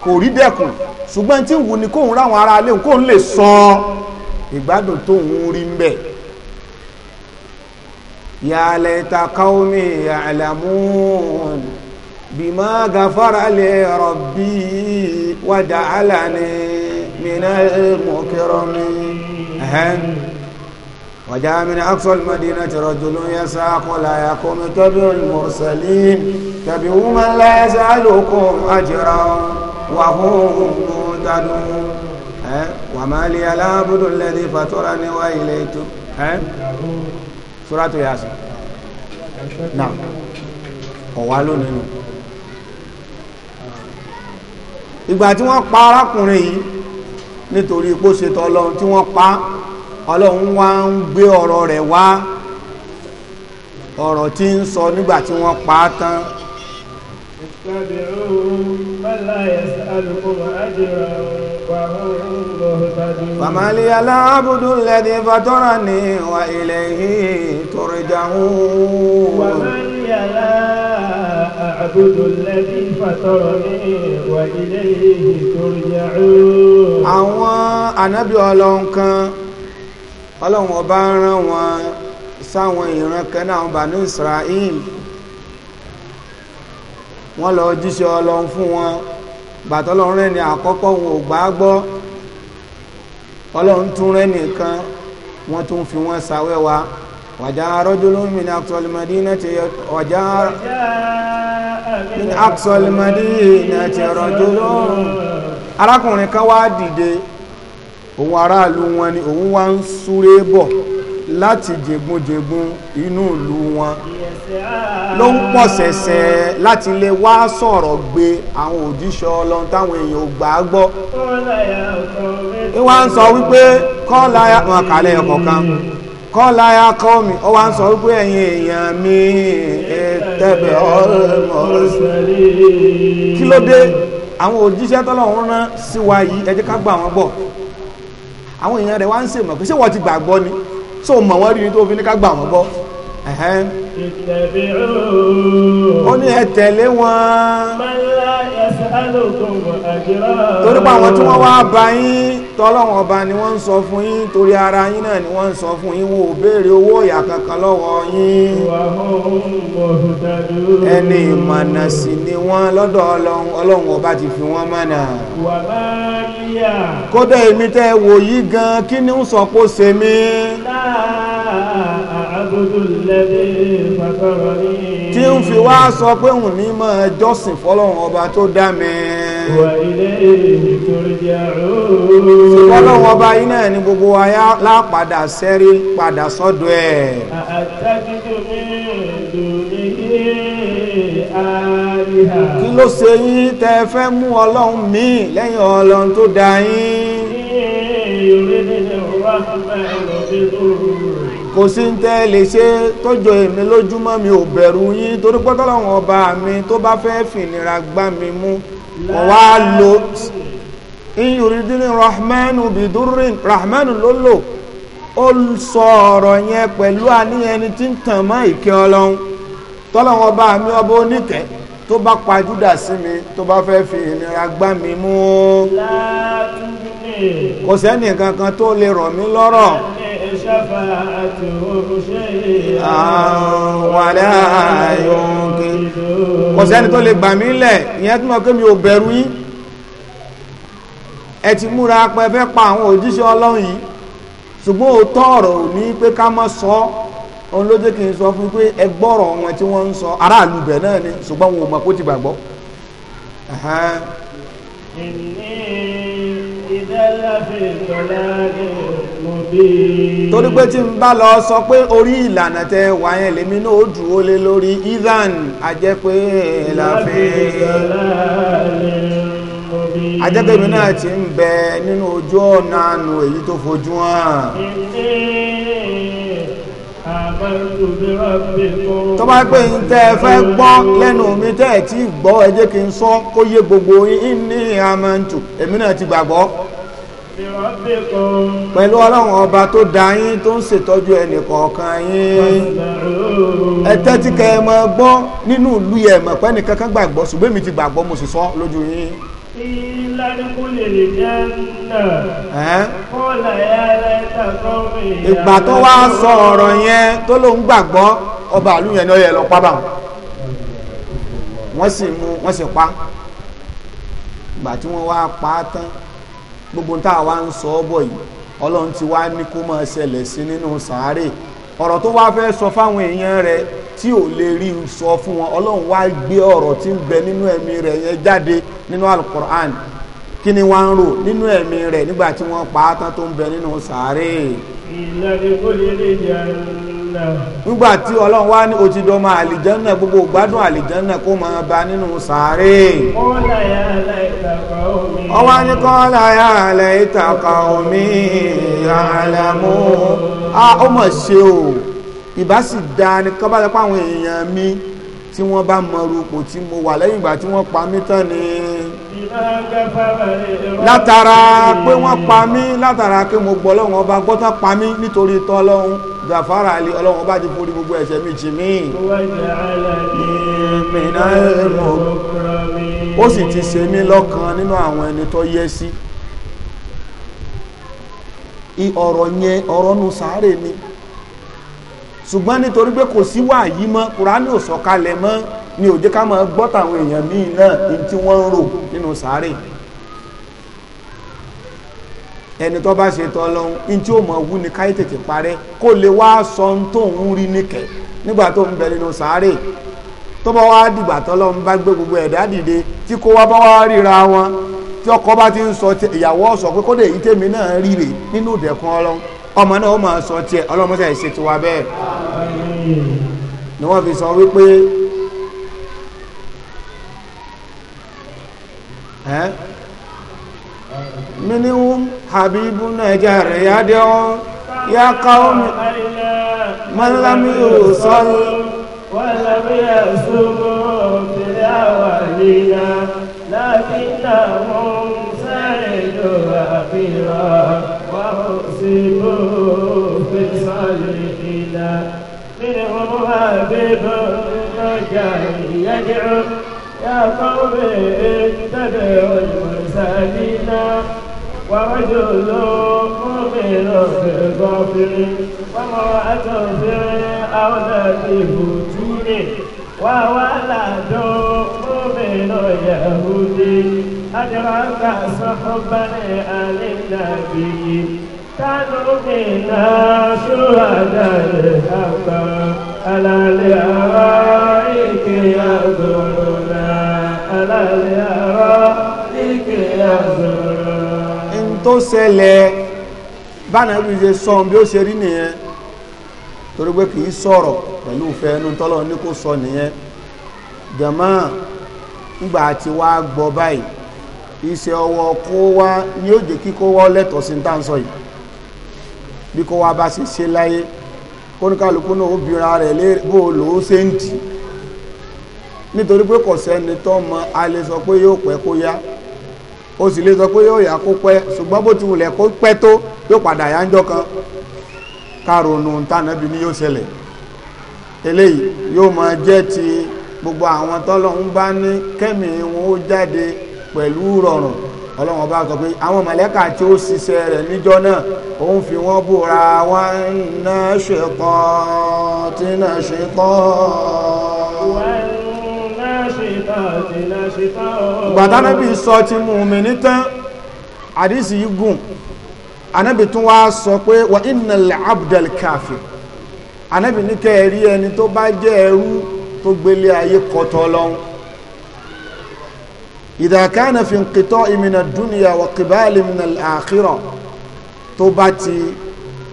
kò rí dẹ́kun ṣùgbọ́n tí wù ní kóhun ráwọn ará léhun kóhun lè sọ ìgbádùn ń rí ń bẹ bima ملها وجاء من أقصى المدينة رجل يساق لا يقوم تبع المرسلين تبعوا من لا يسألكم أجرا وهم مهتدون وما لي لا أعبد الذي فطرني وإليه سورة ياسين نعم ọ̀wálò nínú ìgbà tí wọ́n pa arákùnrin yìí nítorí pó ṣe tọ́lọ́run tí wọ́n pa ọlọ́run wá ń gbé ọ̀rọ̀ rẹ̀ wá ọ̀rọ̀ tí ń sọ nígbà tí wọ́n pa á tán فمالي العبد الذي فطرني وإليه ترجعون ومن يلعب أعبد الذي فطرني وإليه ترجعون. àwọn ànábì ọlọ́run kan ọba rán wọn sáwọn ìran kan náà ní Israel wọ́n lọ jíṣẹ́ ọlọ́run fún wọn bàtọ́lọ́run rẹ ní àkọ́kọ́ wọn ò gbà á tún nìkan wọ́n tún fi wọn وجاء رجل من أقصى المدينة وجاء من أقصى المدينة رجل arákùnrin kan wọn ni òun wá inú ìlú wọn ló ń pọ̀ sẹ̀sẹ̀ láti lè wá sọ̀rọ̀ gbé àwọn òjíṣẹ́ ọlọ́run táwọn èèyàn ò gbà á sọ wípé kọ́ láyà wọn kàlẹ́ kan. kọ́lá ya kọ́ mi ó wá ń sọ wípé ẹ̀yin èèyàn mi ẹ̀tẹ̀bẹ̀ ọ̀rọ̀mọ̀ọ́sẹ̀lẹ̀ kí ló dé àwọn òjíṣẹ́ tọ́lọ́run rán sí wa yìí ẹ jẹ́ ká gbà wọ́n gbọ́ àwọn èèyàn rẹ̀ wá ń sèmọ̀ pé ṣé wọ́n ti gbàgbọ́ ni ṣó mọ̀ wọ́n rí ni tó fi ní ká gbà wọ́n gbọ́ ó ní ẹ tẹ̀lé wọn torí àwọn tí wọ́n wá bá yín tọ́lọ́wọ́n ọba ni wọ́n ń sọ fún yín torí ara yín náà ni wọ́n ń sọ fún yín wọn owó ìyà kankan lọ́wọ́ yín ẹni ìmọ̀nà sí ni wọ́n lọ́dọ̀ ọlọ́run ọba ti fi wọ́n mọ̀nà kódà èmi tẹ́ wò yí gan kí ni ń sọ kó ṣe mí tí ń fi wá sọ pé òun ní máa jọ́sìn fọ́lọ́run ọba tó dá mi wa ilayhi turja'un. ṣùgbọ́n lọ́wọ́ náà ni gbogbo wa yá lápadà sẹ́rí padà sọ́dọ̀ ẹ̀. àtàkùn mi dùn ní àríhà. kí ló ṣe yín tẹ́ ẹ fẹ́ mú ọlọ́run míì lẹ́yìn ọlọ́run tó dá yín. kò sí ń tẹ́ lè ṣe tọ́jọ èmi lójúmọ́ mi ò bẹ̀rù yín torí pé ọba mi tó bá fẹ́ fìnira gbá mi mú wọ́n wá lo iyùrídínní rahmanu bidurin rahmanu ló lò ó sọ ọ̀rọ̀ yẹn pẹ̀lú àníyẹni tí ń tàn mọ́ ìkẹ́ ọlọ́run tọ́lọ́wọ́n bá mi ọba oníkẹ́ tó bá pajúdà sí mi tó bá fẹ́ fi ìnira gbá mi mú kò sẹ́nì kankan tó lè rọ̀ mí lọ́rọ̀ شفاعته شيئا ولا يمكن kò sẹ́ni tó lè gbà mí lẹ̀ ìyẹn tí mo kí mi ò bẹ̀rù yín ẹ ti múra pé fẹ́ pa àwọn òjíṣẹ́ ọlọ́run yìí ṣùgbọ́n òótọ́ ọ̀rọ̀ ò ní pé ká má sọ òun ló jẹ́ kí n sọ fún pé ẹ wọn tí wọ́n ń sọ aráàlú bẹ̀ náà ni ṣùgbọ́n wọn ò mọ̀ kó ti gbàgbọ́. إني إذا لفي ضلال torí pé tí n bá lọ sọ pé orí ìlànà tẹ wà yẹn lèmi náà dúró lé lórí idan ajẹ́ pé láfẹ́ ajẹ́pẹ̀mí náà ti ń bẹ nínú ojú ọ̀nà àánú èyí tó fojú hàn tó bá pé ń tẹ́ fẹ́ gbọ́ lẹ́nu mi tẹ́ ẹ̀ tí gbọ́ ẹ jẹ́ kí n sọ kó yé gbogbo yín ní àmàntù èmi náà ti gbàgbọ́ pẹ̀lú ọlọ́run ọba tó dá yín tó ń ṣètọ́jú ẹnì kọ̀ọ̀kan yín ẹ tẹ́tí kẹ́ ẹ mọ gbọ́ nínú ìlú yẹn mọ̀ pé ẹnìkan gbàgbọ́ ṣùgbọ́n èmi ti gbàgbọ́ mo sì sọ lójú yín. ìgbà tó wá sọ ọ̀rọ̀ yẹn tó ló ń gbàgbọ́ ọba ìlú yẹn ni ó lọ pa báwọn wọ́n sì mú wọ́n sì pa ìgbà tí wọ́n wá pa á tán gbogbo tá a wá ń sọ ọ́ bọ̀ yìí ọlọ́run ti wá ní kó máa ṣẹlẹ̀ sí nínú sàárè ọ̀rọ̀ tó wá fẹ́ sọ fáwọn èèyàn rẹ̀ tí ò lè rí sọ fún wọn ọlọ́run wá gbé ọ̀rọ̀ tí ń bẹ nínú ẹ̀mí rẹ̀ yẹn jáde nínú alukur'an kí ni wọ́n ń rò nínú ẹ̀mí rẹ̀ nígbà tí wọ́n pa á tán tó ń bẹ nínú sàárè. nígbà tí ọlọ́run wá ní òtí dọ́mọ àlìjánná gbogbo gbádùn àlìjánná kó máa bá nínú sàárè. ọwọ́ ní kọ́lá yà lẹ́ ìtàkà omi àlàmú. a ó mọ̀ ṣe o ìbá sì da ni kọ́bálẹ̀ pàwọn èèyàn mi tí wọ́n bá mọ̀rù tí mo wà lẹ́yìn ìgbà tí wọ́n pa mí tán ni látara pé wọ́n pa mí látara pé mo gbọ́ lọ́wọ́n ọba gbọ́tán pa mí nítorí tọ́ lọ́hún gàfárà lé ọlọ́run ọba ti forí gbogbo ẹ̀ṣẹ̀ mi jì mí ó sì ti ṣe mí lọ́kan nínú àwọn ẹni tó yẹ sí ọ̀rọ̀ yẹn ọ̀rọ̀ nu sáré ni ṣùgbọ́n nítorí pé kò sí wàyí mọ́ kùránì ò sọ̀kalẹ̀ mọ́ ni ò jẹ́ ká máa gbọ́ tàwọn èèyàn míì náà tí wọ́n ń rò nínú sàárè ẹni tó bá ṣe tọ́lọ́hún tí ó mọ̀ wú ni káyí tètè parẹ́ kó lè wá sọ tó ń rí níkẹ̀ nígbà tó ń bẹ nínú sàárè tó bá wá dìgbà tọ́lọ́hún bá gbé gbogbo ẹ̀dá dìde tí kó wá bá wá ríra wọn tí ọkọ bá ti ń sọ ti ìyàwó sọ pé kódà èyí tèmi náà rí rè nínú منهم حبيب نجار يدعو يا قوم من لم يوصل ولم يسلم بالأولين لكنهم سعدوا أخيرا وأصيبوا في الصالحين منهم حبيب نجار يدعو يا قوم اتبعوا ورجل مؤمن غافر وامرأة في أولاد بطون وولد مؤمن يهودي أدرك صحبا للنبي كانوا من شهداء الحق على الأرائك ينظرون على الأرائك ينظرون tó se bánà bí ṣe sọ bí ó ṣe rí nìyẹn torí pé kìí sọ̀rọ̀ pẹ̀lú ìfẹ́ ẹnu ní sọ nìyẹn jàmá ńgbà àti wá gbọ́ báyìí iṣẹ́ ọwọ́ kó wá ní ó jẹ́ kí kó wá sí yìí bí kó wá bá ṣe ṣe láyé kóníkàlùkù náà ó bira rẹ̀ o sì lè sọ pé yóò yà kó pẹ́ ṣùgbọ́n bó ti wulẹ̀ kó pẹ́ tó yóò padà yá ń jọ kan kárònú tànàbí ni yóò ṣẹlẹ̀ eléyìí yóò máa jẹ́ ti gbogbo àwọn tọ́lọ́hún bá ní kẹ́mì wọn ó jáde pẹ̀lú rọrùn ọlọ́wọ́n bá sọ pé àwọn mọ̀lẹ́kà tí ó ṣiṣẹ́ rẹ̀ níjọ́ náà òun fi wọ́n búra wọn ná ṣèkọ́ tí ná ṣèkọ́. wọ́n ná ṣèkọ́ tí gbàtà anábì sọ ti mùmíní tán àdísì yìí gùn anábì tún wá sọ pé wà innal abdal kafir anábì ní kẹ́ẹ̀rí ẹni tó bá jẹ́ ẹrú tó gbélé ayé kọtọ lọ́hún idha kana fi inqita'i min ad-dunya wa qibali min al tó bá ti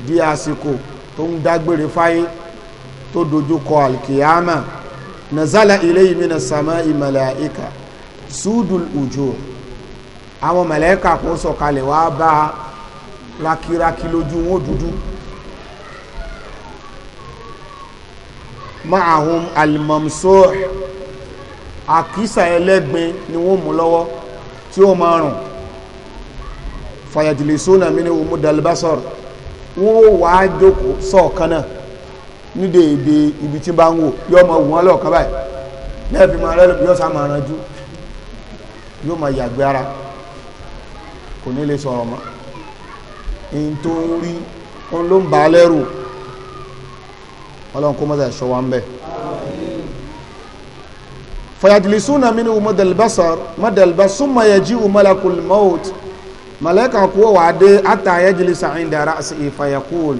di àsìkò tó ń dágbére fáyé tó dojú kọ alkiyama nazala ilayhi minas sudul ujo àwọn mẹ̀lẹ́kà kò sọ̀kalẹ̀ wá bá rakiraki lójú wọn dúdú ma'ahum alimamso àkísà ẹlẹ́gbin ni wọ́n mú lọ́wọ́ tí ó máa rùn fayadilisuna mini umudalbasor wọ́n ó wà á jókòó sọ́ọ̀kan náà ní dèédé ibi tí bá ń wò yọ́ mọ̀ wọ́n lọ́ọ̀kan báyìí yóò máa yàgbé ara kò ní lè sọ̀rọ̀ mọ́ in tó ń rí òun ló ń bà á lẹ́rù ọlọ́run kó mọ́ta ẹ̀ṣọ́ ń bẹ̀ fayajlisuna minhu madalbasar madalba summa yaji'u malakul maut malaika kuwa wà dé ata yajlisa inda ra'si fayaqul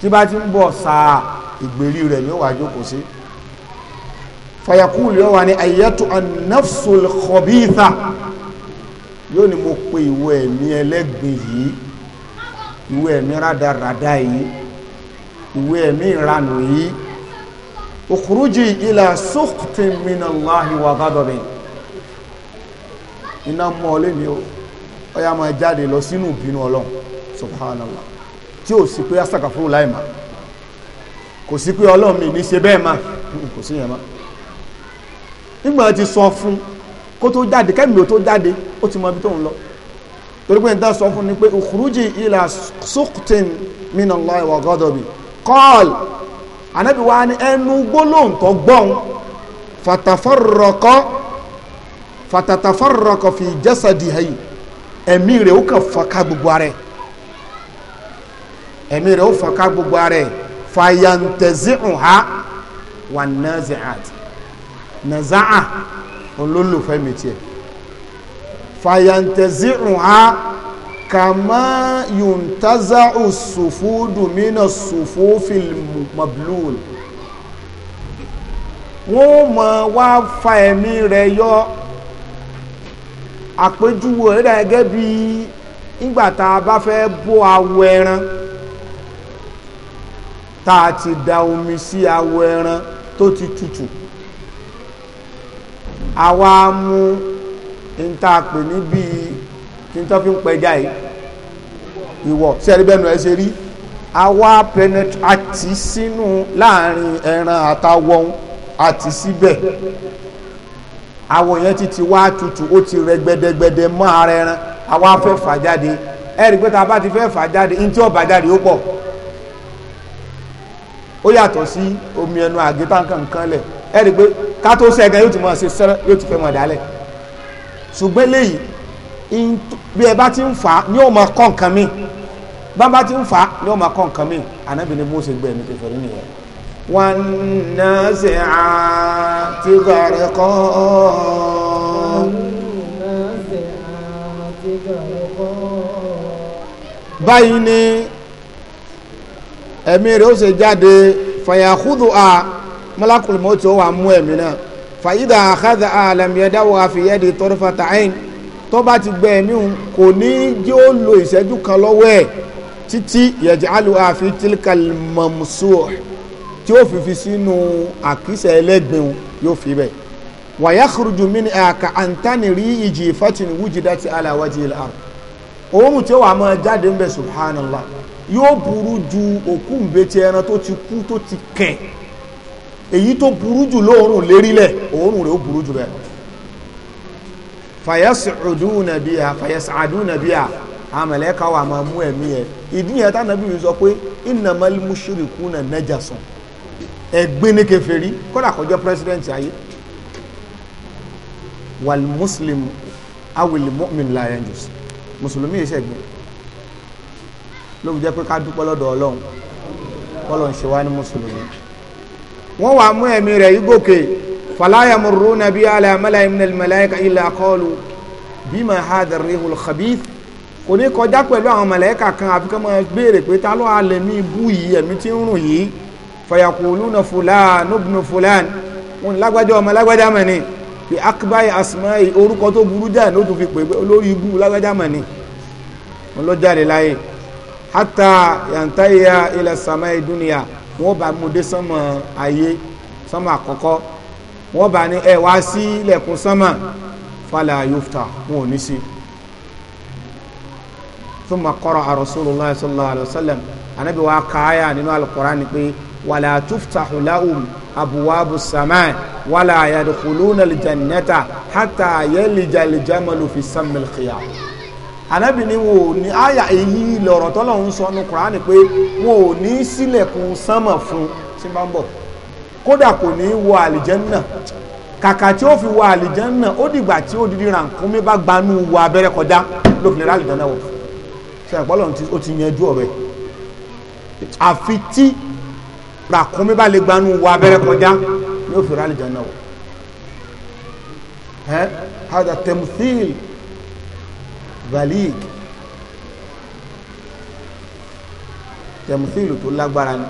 tí bá ti ń bọ̀ sáà ìgbèrí rẹ̀ ni ó wà jókòó sí fàyàkùn yóò wà ní àyẹ́tù an-nafsul khabitha yóò ní mo pe ìwọ ẹ̀mí ẹlẹ́gbin yìí ìwọ ẹ̀mí rádaràdá yìí ìwọ ẹ̀mí ìranù yìí ukhruji ila sukhtin min Allahi wa ghadabin iná mọ́ ọlé ni ó yá máa jáde lọ sínú ìbínú ọlọ́run subhanallah tí ò sí pé asàkàfúrú láì má kò sí pé ọlọ́run mi ní ṣe bẹ́ẹ̀ má kò sí yẹn má nígbà tí sọ fún kó tó jáde kẹ́mìí tó jáde ó ti mọ ibi tó ń lọ torí pé nǹkan sọ fún ni pé ukhruji ila suqtin min Allah wa ghadabi qal anabi wa ẹnu gbólóhùn tó gbọ́n fatafarraqa fatatafarraqa fi jasadihi ẹ̀mí rẹ̀ ó kàn fọ́ká gbogbo rẹ̀ ẹ̀mí rẹ̀ ó fọ́ká gbogbo rẹ̀ nazaa olólùfẹ́ mi fayantezi fàyàntẹ̀zí kama kàmá yùntázà òsòfò dùmínà sòfò fìlmù mablul wọ́n mọ̀ wá fa ẹ̀mí rẹ̀ yọ àpéjúwò rẹ̀ gẹ́gẹ́ bí ìgbàta bá fẹ́ bó awọ ẹran tá a ti da omi sí awọ ẹran tó ti tutù àwa mú n ta pè ní bíi kí n tó fi ń pẹja yìí ìwọ̀ sí ẹ̀rí bẹ́ẹ̀ nù ẹ́ ṣe rí àwa penetrate sínú láàrin ẹran àtàwọn àti síbẹ̀ àwọ̀ ti ti wá tutù ó ti rẹ gbẹdẹgbẹdẹ mọ́ ara ẹran àwa fẹ́ fà jáde ẹ̀rí pé tá a bá ti fẹ́ fà jáde ntí ọ̀bà jáde ó pọ̀ ó yàtọ̀ sí omi ẹnu àgé táǹkà nǹkan lẹ̀ ẹ̀rí pé ká tó sẹ́gan yóò ti mọ̀ ṣe sẹ́rẹ́ yóò ti fẹ́ mọ̀ dálẹ̀ ṣùgbọ́n eléyìí bí ẹ bá ti ń fà á ní ó máa kọ́ nǹkan mi bá bá ti ń fà á ní ó máa kọ́ nǹkan mi ànábì ni Mósè gbẹ mi kẹfẹ́ rí nìyẹn. wọn náà ṣe àti gbàrẹ kọ́ báyìí ni ẹ̀mí rẹ̀ ó ṣe jáde fàyàkúdù a malakul mọ́tì ó wà mú ẹ̀mí náà fàyídà àkàdà àlàmìyàdáwò àfìyẹ́dì tọ́rọfàtà ẹ̀yìn tó bá ti gbẹ ẹ̀mí òun kò ní jẹ́ ó lo ìṣẹ́jú kan lọ́wọ́ ẹ̀ títí yẹ̀jẹ̀ alu àfi tilkal mọ̀mùsù tí ó fìfi sínú àkísẹ̀ ẹlẹ́gbìn yóò fi bẹ̀ wàyà kúrúdù mí ni àkà àǹtánì rí ìjì ìfọ́tìní wújìdá ti aláwájì ilẹ̀ àrùn òun tí ó wà máa subhanallah yóò burú ju òkú ń bẹ ti ẹran tó ti kú tó ti kẹ̀ èyí tó burú jù lóòrùn lérílẹ̀ òórùn rẹ̀ ó burú jù bẹ́ẹ̀ fàyẹ́sàdúnà bí a fàyẹ́sàdúnà bí a àmàlẹ́ka wà máa mú ẹ̀mí ẹ̀ ìdí yẹn tá nàbí mi sọ pé innamal mushrikuna najasun ẹ̀gbin ní kèfèrí kódà kó jẹ́ pírẹsidẹ́ǹtì ayé wal muslim awil mu'min la ló fi jẹ́ pé ká dúpẹ́ lọ́dọ̀ ọlọ́run ṣe wá ní mùsùlùmí wọ́n wàá mú ẹ̀mí rẹ̀ yí gòkè fàlàyàmùrú nàbí alàmàlà ìmìnàlì màláìka ilà kọlù bímọ hadarihul khabith kò ní kọjá pẹ̀lú àwọn màláìka kan àfi kọ́ máa béèrè pé ta ló alẹ̀ mí bú yìí na fulan nubnu fulan wọn lágbájá orúkọ tó burú jáì ló tún fi pè lórí ibú lágbájá mọ̀ ni láyé hátà yàntáyà ilẹ̀ sàmáyé dúnìyà wọ́n bá mú dé sánmọ̀ ayé sánmọ̀ àkọ́kọ́ wọ́n bá ní ẹ wá sí ilẹ̀kùn sánmọ̀ fala yufta wọn ò ní sí thumma qara'a rasulullah sallallahu alaihi wasallam anabi wa kaaya nínú alukurani pé wala tuftahu lahum abuwaabu samaa wala yadkhuluna aljannata hatta yalija aljamalu fi sammil khiyam. wo ni wọn àyà èyí lọ̀rọ̀ tọ́lọ̀ ń sọ ní kùránì pé wọn ò ní sílẹ̀kùn sánmọ̀ fún tí bá ń bọ̀ kódà kò ní wọ kàkà tí ó fi wọ àlìjẹ́nà ó dìgbà tí ó bá gbanú wọ abẹ́rẹ́ kọjá wọ̀ ṣe ó ti yanjú ọ̀rẹ́ àfi tí rànkúnmí bá lè gbanú wọ abẹ́rẹ́ kọjá fi wọ̀ valig tẹ̀mùsílù tó lágbára ni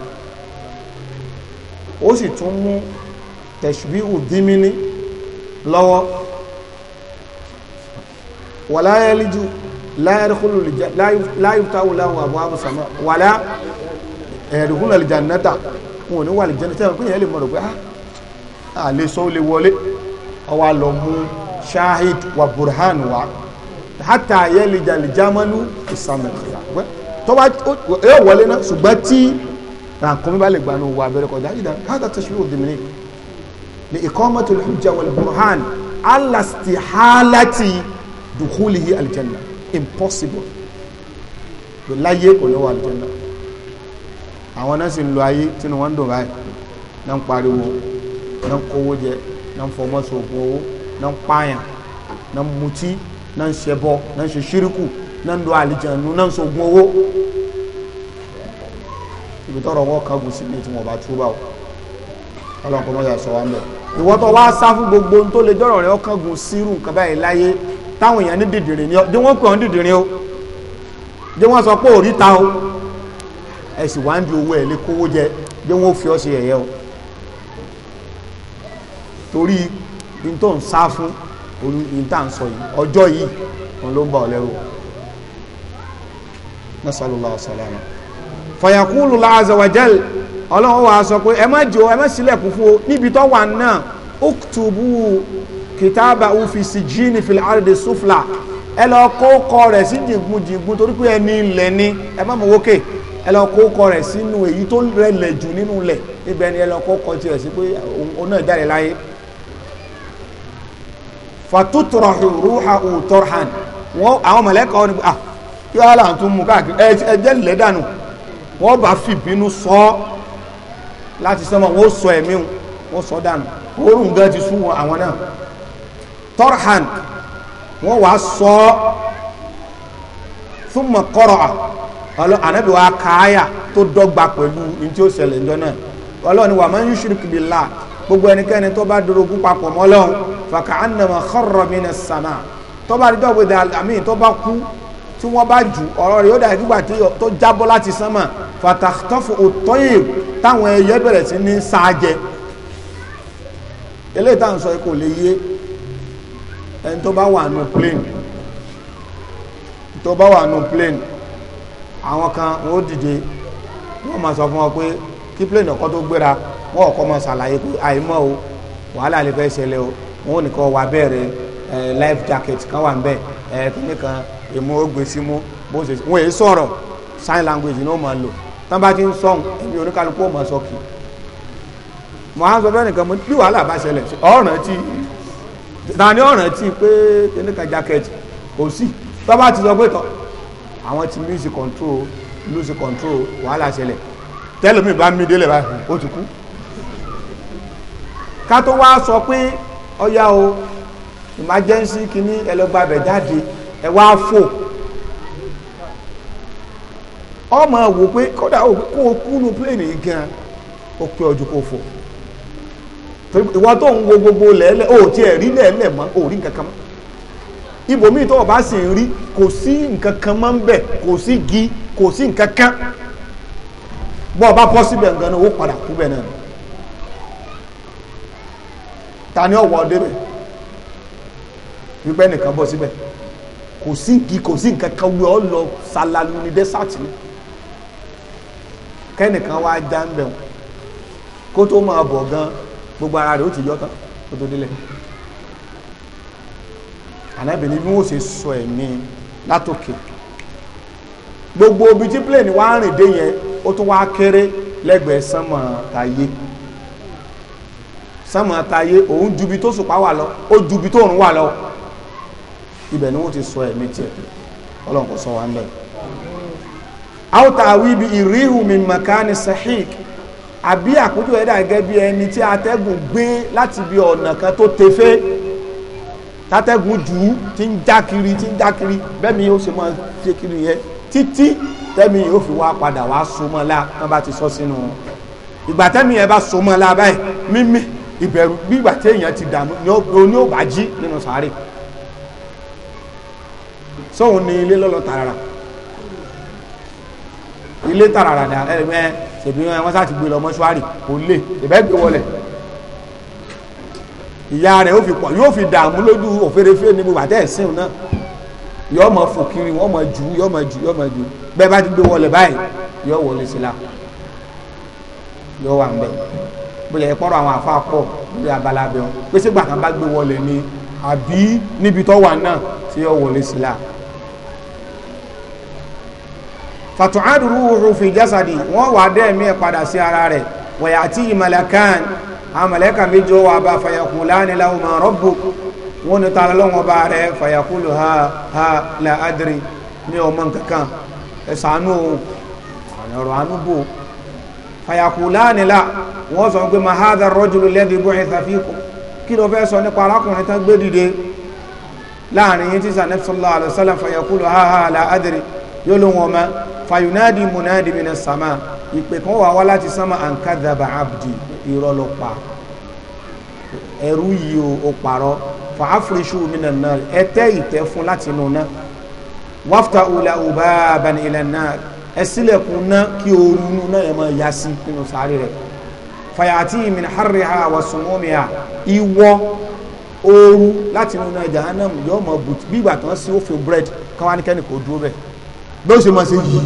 ó sì tún mú tẹ̀ṣbíhù dímíní lọ́wọ́ wàlá yẹlíjú láyùtáwù láwọn àbọ̀ àbùsàmọ́ wàlá ẹ̀rùkún alìjànẹ́ta wọn ò ní wà alìjànẹ́ta pín yẹn lè mọ̀rọ̀ pé àà ah, lè sọ ó wọlé ọwà lọ mú shahid wa burhan wa hátà yẹlẹjà lìjámánú ìsàmùkìyà pẹ́ tọ́ba ẹ wọlé náà ṣùgbọ́n tí rànkúnmí bá lè gbanú wọ abẹ́rẹ́ kọjá yìí dá hátà tashbihu dominic ní iqamati al-hujja wal-burhan ala istihalati dukhulihi aljanna impossible láyé kò ní wà aljanna àwọn náà sì ń lo ayé tí wọ́n ń dùn báyìí náà ń pariwo náà ń kówó jẹ náà ń fọmọ́sọ̀ ògùn owó náà ń pààyàn náà ń mutí na ń ṣẹbọ náà ń ṣe ṣíríkù náà ń lo àlìjànú owó ibi tọrọ wọn kagun o sọ wa ń bẹ gbogbo ohun tó lè jọrọ rẹ ọkàngun sírù nǹkan báyìí láyé táwọn ni ọ wọn wọn didiri o jẹ wọn sọ pé o ẹ sì di owó wọn fi ọ o torí oyún tá à ń sọ yìí ọjọ́ yìí wọn ló ń bà ọ lẹ́rù nasalula salama fayakulu laaza wajal ọlọ́run wa sọ pé ẹ má jò ẹ má ṣílẹ̀kùn fún o níbi tó wà náà uktubu kìtàbà òfìsì jíìnì fìlà àrèdè sufla ẹ lọ kó kọ rẹ̀ sí jìngbùnjìngbùn torí pé ẹni ilẹ̀ ni ẹ má mọ wókè ẹ lọ kó kọ rẹ̀ sínú èyí tó rẹlẹ̀ jù nínú ilẹ̀ ibẹ̀ ni ẹ lọ kó kọ tiẹ̀ sí pé òun náà jáde láyé fatutrahu ruhahu torhan wọ́n àwọn mọ̀lẹ́kọ̀ọ́ ni ah kí wàhálà tó mú káàkiri ẹjẹ́ lẹ́dànù wọ́n bá fi bínú sọ ọ́ láti sọ́mọ̀ wọ́n sọ ẹ̀mí wọ́n sọ dànù oorun gan ti sún àwọn náà torhan wọ́n wàá sọ ọ́ thumma qara'a ànábì wa káyà tó dọ́gba pẹ̀lú ní tí ó ṣẹlẹ̀ ńjọ náà ọlọ́ni wa man yushrik billah gbogbo ẹnikẹ́ni tó bá dorogún papọ̀ mọ́ Ọlọ́hun fàkà ànàmọ̀ kharra minas sama tó bá rí dọ́gbẹ̀dẹ àmì tó bá kú tí wọ́n bá jù ọ̀rọ̀ rẹ̀ yóò dà gbígbà tó jábọ́ láti sánmà fàtàtọ́fù òtọ́yè táwọn ẹyẹ bẹ̀rẹ̀ sí ní sáájẹ eléyìí táwọn sọ kò lè yé ẹni tó bá wà nù plane tó bá wà nù plane àwọn kan wọ́n dìde wọ́n máa sọ fún wọn pé kí plane ọkọ tó gbéra wọn ò kọ́ mọ ṣàlàyé pé àìmọ́ o wàhálà lè fẹ́ ṣẹlẹ̀ o wọn ò ní kọ́ wa bẹ̀rẹ̀ ẹ life jacket kan wà nbẹ ẹ kíní kan èmu ògbésí mú bó ṣe wọn èyí sọ̀rọ̀ sign language ní o máa lò tán bá ti ń sọ̀n ẹbí oníkálukú ò máa sọ kì í mo á sọ fẹ́ nìkan mo bí wàhálà bá ṣẹlẹ̀ ọ̀ràn tí tani ọ̀ràn tí pé kíní kan jacket kò sí tó bá ti sọ pé tán àwọn ti lose control lose control wàhálà ṣẹlẹ̀ tẹ́lómi bá mi délẹ̀ báyìí ó ti kú. ká tó wá sọ pé ọyá o emergency kìíní ẹlọgba bẹ jáde ẹ wá fò ọmọ wò pé kódà kó o nu plane yìí gan o pé ọjọ́ kó fò ìwọ tó ń wo gbogbo o ti ẹ̀ rí mọ́ rí nǹkan kan mọ́ tó o bá sì ń rí kò sí nǹkan kan gi kò sí nǹkan kan bọ́ ọ bá pọ́ síbẹ̀ padà kú ta ni ọ̀wọ́ débẹ̀ wípé nìkan síbẹ̀ kò sí nǹkí kò sí nǹkan kan wí lọ salalu ní dẹ́sàtì kẹ́nìkan wá já ń kó tó máa bọ̀ gan gbogbo ara rẹ̀ ó ti yọ tán kó tó délẹ̀ ànábìnrin bí wọ́n ṣe sọ ẹ̀mí gbogbo obi tí ní wá rìn dé yẹn ó tún wá kéré lẹ́gbẹ̀ẹ́ sánmà tayé òun jubi tó sùpá wà lọ ó jubi tó òun wà lọ ibẹ̀ ni wọ́n ti sọ ẹ̀mí tiẹ̀ ọlọ́run kò sọ wa ń bẹ̀. àwọn tàwí bi ìríhù mi màkánì sahik àbí àkójọ ẹ̀dá gẹ́gẹ́ bí ẹni tí atẹ́gùn gbé láti bí ọ̀nà kan tó tefé tátẹ́gùn jù ú tí ń já kiri tí ń já kiri bẹ́ẹ̀ mi yóò ṣe máa ṣe kiri yẹn títí tẹ́mi yóò fi wá padà wá so mọ́ wọ́n bá ti sọ sínú ìgbà tẹ́mi yẹn bá so mọ́ báyìí mímí ìbẹ̀rù gbígbà tí èèyàn ti dààmú ní ó bá jí nínú sàárè sóhun ní ilé lọ́lọ́ tààrà ilé tààrà dà ẹ̀ẹ́dẹ́gbẹ́ ṣèbí wọn sá ti gbé lọ mọ́ṣúárì kò lè ìbẹ́ gbé wọlẹ̀ ìyá rẹ̀ ó fi pọ̀ yóò fi dààmú lójú òfèrèfé ní gbogbo àtẹ̀sìn náà yóò mọ fò kiri wọ́n mọ jù yóò mọ jù yóò mọ jù bẹ́ẹ̀ bá ti gbé wọlé báyìí yóò wọlé sí la yóò wà ń bẹ́ẹ̀ bóyá ẹ pọ́rọ̀ àwọn àfa pọ̀ lórí abala abẹ́ wọn pé sígbà kan bá gbé wọlé ni àbí níbi tó wà náà tí yóò wọlé sí la. fàtúhádù rúhùrù fi jásàdì wọ́n wà dẹ́ẹ̀mí ẹ̀ padà sí ara rẹ̀ wọ̀yà àti ìmàlẹ̀kán àmàlẹ́kà méjì wà bá fàyàkùn láàrin ma rabbu wọ́n ni tààrà lọ́wọ́ bá rẹ̀ fàyàkùn ha ha la adri ní ọmọ nkankan ẹ̀sánú ọ̀rọ̀ ànúbò fàyàkùláàni là wọ́n sọ pé ma hádà rọ́jùlù lẹ́dí bóyá ìsàfíkù kí ló fẹ́ sọ nípa arákùnrin tán gbé dìde láàrin yìí tí sànẹ́fì sọlá àlọ́sálà fàyàkùlù háhá àlà àdìrí yóò ló wọn mọ́ fàyùnádì múnádì mi ní sàmà ìpè kan wà wá láti sánmà àǹkàdàbà abdi irọ́ ló pa ẹrú yìí ó parọ́ fàáfúrẹ́sù mi nà náà ẹ fún láti nù náà wáfta ùlà ùbá abàní náà ẹ sílẹ̀kùn náà kí ooru inú náà ẹ̀ máa yá sí nínú sáré rẹ̀ fàyàtì min harriha wa sumumiha ìwọ ooru láti inú náà jahannam yóò mọ bùtù bí ìgbà tán sí òfin bread káwọn anìkẹ́ni kò dúró bẹ́ẹ̀ bí ó ṣe máa ṣe yìí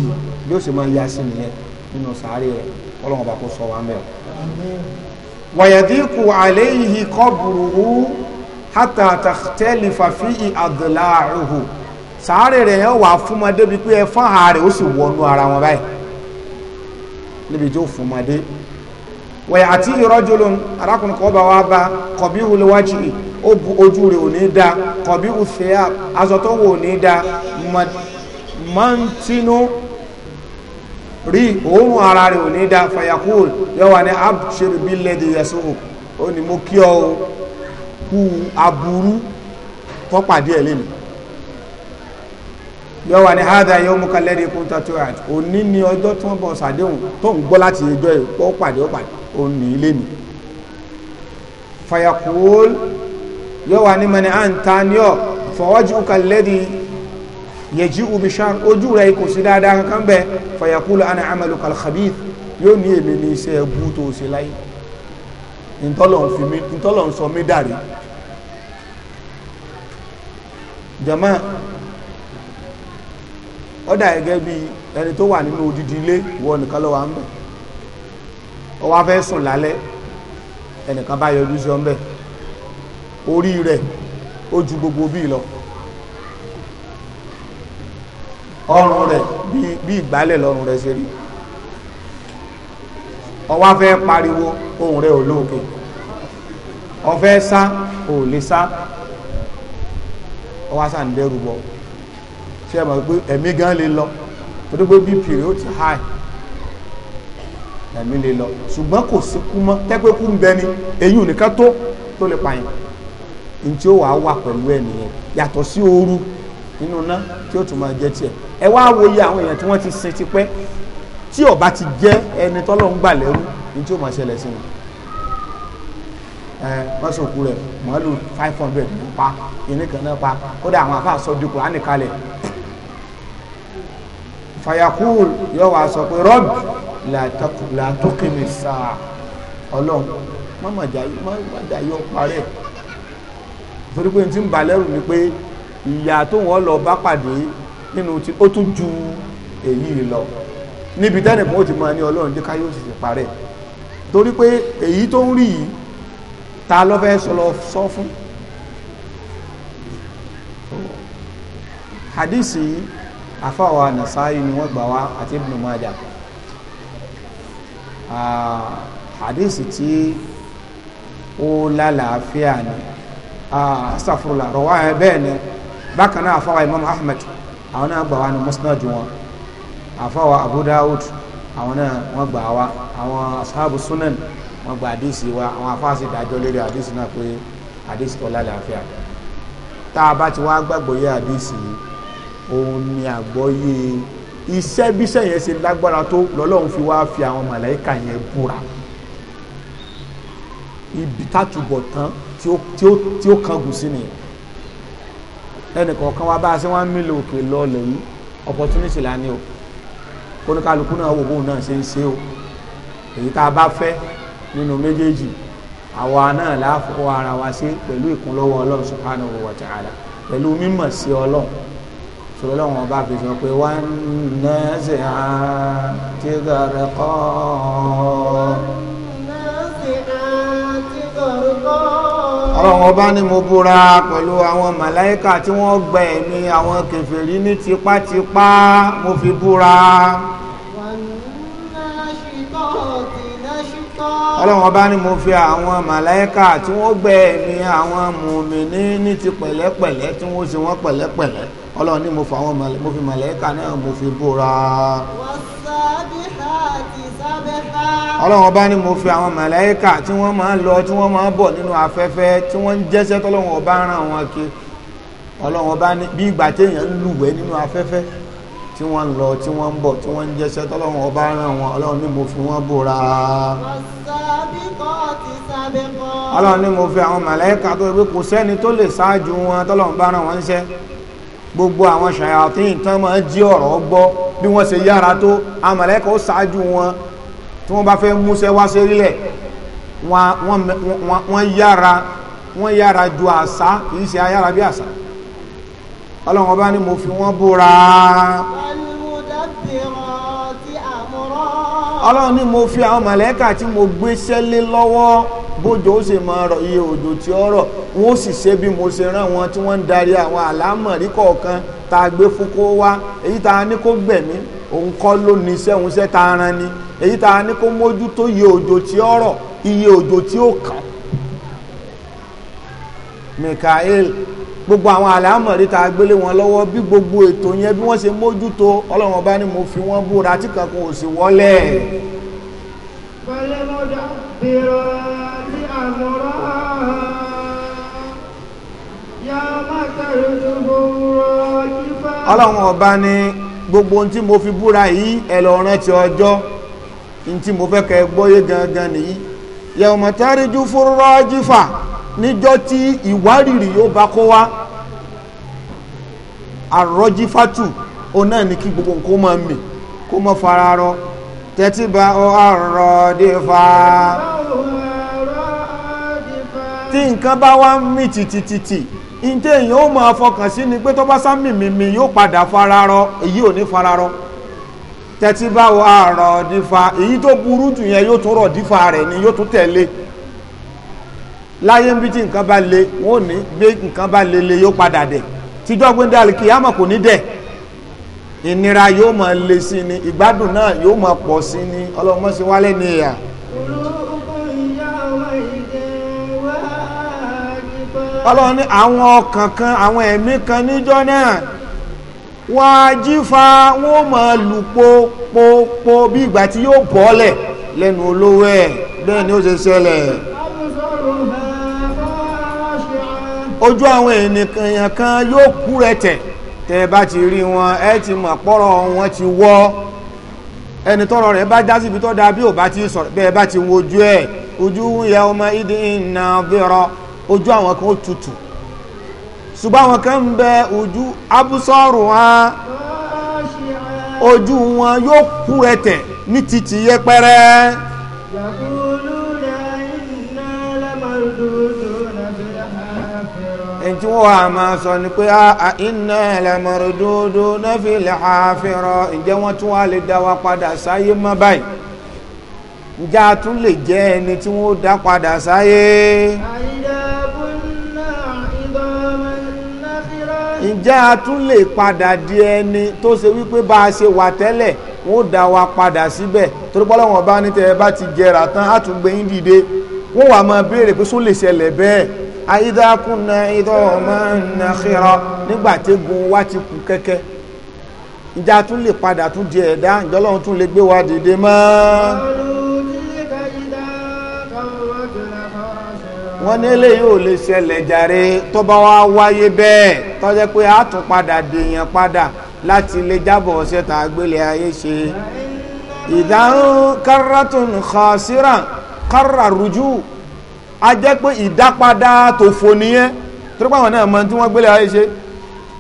bí ó ṣe máa yá sí nìyẹn nínú sáré rẹ̀ ọlọ́run ọba kò sọ wa mẹ́rin wàyàdíkù àléyìí kọ́ bùrùhù hátà tàtẹ́lifà fi sàárè rẹ̀ yẹn wà fún ọmọdé bíi pé ẹfọ́n ààrẹ ó sì ara wọn báyìí níbi tí ó fún ọmọdé wẹ̀ àti ìrọ́jò ló arákùnrin kan bá wá bá kọ̀bí wulẹ̀ ojú rẹ̀ ò ní ara rẹ̀ ò ní da fàyàkùn yọ wà ní bí lẹ́dí yẹsùn ní yọ wà ní hádà yóò mú kalẹ́rì kún tọ́tù àti òní ni ọjọ́ tí wọ́n bọ̀ sàdéhùn tó ń gbọ́ láti ẹjọ́ ẹ̀ ó pàdé ó pàdé ó ní ilé mi. fàyàkùúl yọ wà ní mẹ́ni àǹtá ní ọ̀ fọwọ́jú kalẹ́rì yẹjú ubishar ojú rẹ̀ kò sí dáadáa kankan bẹ́ẹ̀ fàyàkùúl àná àmàlù kalkhabith yóò ní èmi ní iṣẹ́ ẹbú tó ṣe láyé ntọ́lọ̀ ń dàrí jama ó dà gẹ́gẹ́ bí ẹni tó wà odidi ilé ìwọ nìkan ló ń bẹ̀ ó wá fẹ́ sùn lálẹ́ ẹnìkan bá yọjú sí ju gbogbo bi lọ ọrùn rẹ̀ bí ìgbálẹ̀ lọ́rùn rẹ̀ ṣe wá pariwo ohun rẹ̀ o lóòkè fẹ́ sá ò lè sá ó wá sá ń ṣe é mọ̀ pé ẹ̀mí gan lè lọ torí pé bp rẹ̀ ó ti high ẹ̀mí lè lọ ṣùgbọ́n kò sí kú mọ́ tẹ́pẹ́ kú ń bẹ ni eyín ò nìkan tó tó lè pààyàn ní tí ó wàá wà pẹ̀lú ẹ̀ nìyẹn yàtọ̀ sí ooru nínú iná tí ó tún máa jẹ́ tiẹ̀ ẹ wá wo iye àwọn èèyàn tí wọ́n ti sin ti pẹ́ tí ó ti jẹ́ ẹni tọ́lọ́ ń gbà lẹ́rú ní tí ó máa ṣẹlẹ̀ sí wọn mọ́sọ̀kú rẹ̀ mọ́lù five hundred ní pa ìníkan náà pa kódà àwọn afáàsọ́ dúkùrá nìkalẹ̀ fayakul yóò wá sọ pé rọ́bì làtọ́kìmí sáà ọlọ́run mọ́mọ́dá yóò parẹ́ torí pé tí ń bà lẹ́rù ni pé ìyà tó wọ́n lọ bá pàdé nínú tí ó tún ju èyí lọ níbi tẹ́nì kan ó ti máa ní ọlọ́run díká yóò sì parẹ́ torí pé èyí tó ń rí yìí ta ló fẹ́ sọlọ sọ fún hadisi yìí afáwa nasaayi ni wọ́n gbà wá àti ibn Majah hadisi tí ó lálàáfíà ni asàfurula rọwá ẹ bẹ́ẹ̀ ni bákan náà afáwa imam ahmed àwọn náà gbà wá ní musnad wọn afáwa abu dawud àwọn náà wọ́n gbà wá àwọn asahabu sunan wọ́n gba hadisi wa àwọn afáàsì dájọ́ lórí hadisi náà pé hadisi tó lálàáfíà tá a bá ti wá gbàgbọ́ yé hadisi yìí òun ni àgbọ́yé iṣẹ́ bíṣẹ́ yẹn ṣe lágbára tó lọ́lọ́run fi wá fi àwọn màláìka yẹn búra ibi tátùbọ̀ tán tí ó kángun sí nìyẹn ẹnìkọ̀ọ̀kan wa bá a ṣe wọ́n ń mílò òkè lọ́ọ̀lẹ̀ yìí opportunity la ní o kóníkàlùkù náà wò bóun náà ṣe ń ṣe o èyí tá a bá fẹ́ nínú méjèèjì àwa náà láàfọwọ́ ara wa ṣe pẹ̀lú ìkúnlọ́wọ́ ọlọ́run subhanahu wa ta'ala pẹ̀lú mímọ̀ sí ọlọ́run sọ̀rọ̀ lọ́wọ́ ọba fi sọ pé wọ́n náà ṣe hàn tí gàrẹ́ kọ́ ọlọ́run ọba ni mo búra pẹ̀lú àwọn màláíkà tí wọ́n gbẹ ẹ̀mí àwọn kèfèrí ní tipátipá mo fi búra ọlọ́run ọba ni mo fi àwọn màláíkà tí wọ́n gbẹ ẹ̀mí àwọn mùmíní ní ti pẹ̀lẹ́pẹ̀lẹ́ tí wọ́n ṣe wọ́n pẹ̀lẹ́pẹ̀lẹ́ ọlọ́run ní mo fi àwọn mo fi màlẹ́kà náà mo fi búra ọlọ́run ọba ní mo fi àwọn màlẹ́kà tí wọ́n máa ń lọ tí wọ́n máa ń bọ̀ nínú afẹ́fẹ́ tí wọ́n ń jẹ́sẹ́ tọ́lọ́run ọba rán wọn kí ọlọ́run ọba ní bí ìgbà téèyàn ń lùwẹ̀ nínú afẹ́fẹ́ tí wọ́n ń lọ tí wọ́n ń bọ̀ tí wọ́n ń jẹ́sẹ́ tọ́lọ́run ọba rán wọn ọlọ́run ní mo fi wọ́n búra ọlọ́run ní mo fi àwọn màlẹ́kà tó ẹgbẹ́ kò sẹ́ni tó lè ṣáájú wọn tọ́lọ́run bá rán wọn ṣẹ́ gbogbo àwọn ṣàyàtìn tán máa jí ọ̀rọ̀ gbọ́ bí wọ́n ṣe yára tó amọ̀lẹ́kà ó ṣáájú wọn tí wọ́n bá fẹ́ múṣẹ́ wá sérílẹ̀ wọ́n yára wọ́n yára ju àṣá kìí ṣe ayára bí àṣá ọlọ́run ọba ni mo fi wọ́n búra ọlọ́run ni mo fi àwọn mọ̀lẹ́kà tí mo gbéṣẹ́ lé lọ́wọ́ bójò ó sì máa rọ̀ iye òjò tí ó rọ̀ wọ́n sì ṣe bí mo ṣe rán wọn tí wọ́n ń darí àwọn àlámọ̀rí kọ̀ọ̀kan tá a gbé fún kó wá èyí tá a ní kó gbẹ̀mí òun kọ́ ló ní iṣẹ́ òun iṣẹ́ tá a ran ni èyí tá a ní kó mójútó iye òjò tí ó rọ̀ iye òjò tí ó kàn Mikael gbogbo àwọn àlámọ̀rí tá a gbélé wọn lọ́wọ́ bí gbogbo ètò yẹn bí wọ́n ṣe mójútó ọlọ́run ọba ni mo fi wọ́n búra tí kankan ò sì wọlé. pẹ̀lú mọ́jà bí rọ́ọ̀. ọlọ́run ọba ni gbogbo ohun tí mo fi búra yìí ẹ lọ ọjọ́ ohun tí mo fẹ́ kẹ́ gbọ́yé gangan nìyí yẹ̀wọ̀n tẹ́rìjú fúrọ́jífà níjọ́ tí ìwárìrì yóò bá kó wá àrọ́jífàtù òun náà ní kí gbogbo nǹkan máa mì kó mọ́ fara rọ tẹ́tí bá ọ àrọ́dífà tí nǹkan bá wá mì tìtìtìtì ntẹ èèyàn ó máa fọkàn sí ni pé tó bá padà fararọ èyí ò ní fararọ tẹ́tí bá wà rọ̀ dífa èyí tó burú jù yẹn yóò tún rọ̀ dífa rẹ̀ ni yóò tún tẹ̀lé láyé ń bí tí nǹkan le wọn ò ní gbé nǹkan bá le le yóò padà dẹ̀ tíjọ́ gbéńdé alikiyama kò ní dẹ̀ ìnira le sí ni ìgbádùn náà yóò máa ọlọ́run ní àwọn ọkàn kan àwọn ẹ̀mí kan níjọ́ náà wọ́n á jífa wọ́n mọ̀ lù popopo bí ìgbà tí yóò bọ́ọ̀lẹ̀ lẹ́nu olówó ẹ̀ bẹ́ẹ̀ ni ó ṣe ṣẹlẹ̀ ojú àwọn ènìyàn kan yóò kú rẹ̀tẹ̀ tẹ́ bá ti rí wọn ẹ ti mọ̀ pọ́rọ̀ wọn ti wọ́ ẹni tọ́rọ̀ rẹ̀ bá dá síbi tọ́ da bí ò bá ti sọ̀rọ̀ bẹ́ẹ̀ bá ti wojú ẹ̀ ojú ń yẹ ọmọ ìdí ìnà bẹ̀rọ̀ ojú àwọn kan ó tutù ṣùgbọ́n àwọn kan ń bẹ ojú abúsọ́rù wọn ojú wọn yóò kú ẹ̀tẹ̀ ní títí yẹpẹrẹ ẹni tí wọ́n wà máa sọ ni pé a ah, ah, iná ẹlẹ́mọ̀rọ̀dọ́dọ́ náà fi àfihàn ǹjẹ́ wọ́n tún wá lè dá wa padà sáyé mọ́ báyìí ǹjẹ́ tún lè jẹ́ ẹni tí wọ́n dá padà sáyé. ǹjẹ́ a tún lè padà di ẹni tó ṣe wípé bá a ṣe wà tẹ́lẹ̀ wọ́n dá wa padà síbẹ̀ torí pé Ọlọ́hun bá ní tẹ́ ẹ bá ti jẹrà tán á tún gbé yín dìde wọ́n wà máa béèrè pé só lè ṣẹlẹ̀ bẹ́ẹ̀ àyídákùnà ìdọ́ ọmọ nàkírọ nígbà tégun wá ti kú kẹ́kẹ́ ǹjẹ́ a tún lè padà tún di ẹ̀dá ǹjẹ́ Ọlọ́hun tún lè gbé wa dìde mọ́. wọ́n ní eléyìí ò lè ṣẹlẹ̀ jàre tó bá wá wáyé bẹ́ẹ̀ tó jẹ́ pé a tún padà dèèyàn padà láti lè jábọ̀ ọ̀sẹ̀ tá a gbélé ayé ṣe ìdáhùn káràtún khasira kárà rújú a jẹ́ pé ìdápadà tòfò nìyẹn torí pé àwọn náà mọ tí wọ́n gbélé ayé ṣe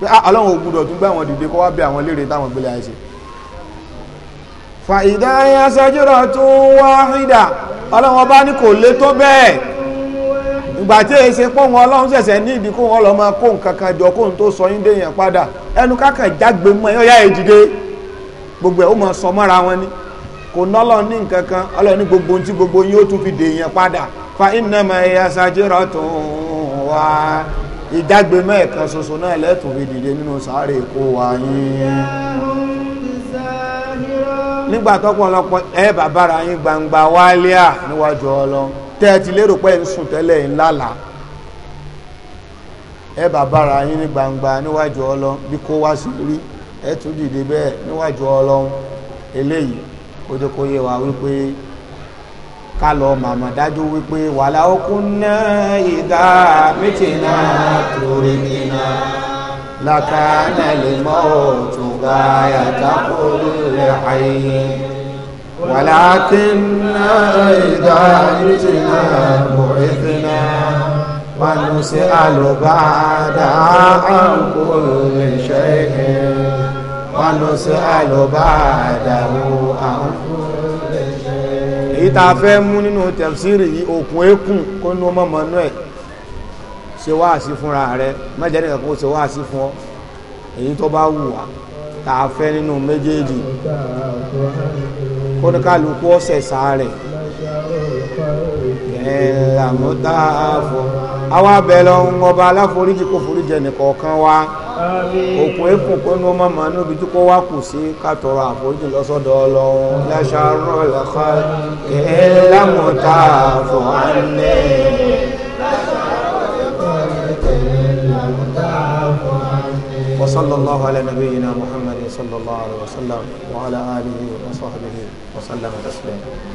pé ah, ọlọ́run ò gbúdọ̀ tún gbé àwọn dìde kó wá bẹ àwọn léèrè táwọn gbélé ayé ṣe fàìdá ayé aṣájúrọ̀ tún wáhídà ọlọ́run ọba ní kò lè tó bẹ́ẹ̀ ìgbà tí èyí ṣe pọ́n wọn ọlọ́run ṣẹ̀ṣẹ̀ ní ìdí kó wọn lọ máa kó nǹkan kan jọ tó sọ yín déyàn padà ẹnu kákan jágbe mọ ẹ̀yọ́ yá gbogbo ẹ̀ ó sọ mọ́ra wọn ni kò nọ́lọ́ ní nǹkan kan gbogbo ohun gbogbo yín ó tún fi padà fa iná mọ tó wá ìjágbe ṣoṣo náà lẹ́tùn fi dìde gbangba wálíà níwájú ọlọ́run tẹ́ lérò pẹ́ ń sùn tẹ́lẹ̀ ẹ bàbára ní gbangba níwájú ọlọ́run bí kó wá sí rí ẹ tún dìde bẹ́ẹ̀ níwájú eléyìí kó tó kó yé wa wípé ká lọ dájú wípé wà ولكننا إذا جئنا بعثنا ونسأل بعد عن كل شيء ونسأل بعده عن كل شيء èyí tá a fẹ́ mú nínú tẹ̀síìrì yìí òkun eékùn kó ní ọmọ mọ́nú ẹ̀ ṣe wáàsí fúnra rẹ mẹ́jẹ nìkan kó ṣe wáàsí fún ọ èyí tó bá wù wá tá a fẹ́ nínú méjèèjì kóníkàlùkù ọ̀sẹ̀ sáré ẹ̀ẹ́dàmọ́tà fọ́ àwa abẹ́lẹ̀ ọ̀hún ọba aláforíjì kò foríjì ẹnìkọ̀ọ̀kan wa òkun èkùn kó ní ọmọ màá níbi tí kò wá kù sí kàtọ́rọ̀ àforíjì lọ́sọ̀dọ̀ ọlọ́run lẹ́sàárọ̀ lẹ́kọ́ ẹ̀ẹ́dàmọ́tà fọ́ ànẹ́ وصلى الله على نبينا محمد صلى الله عليه وسلم وعلى آله وصحبه وسلم تسليما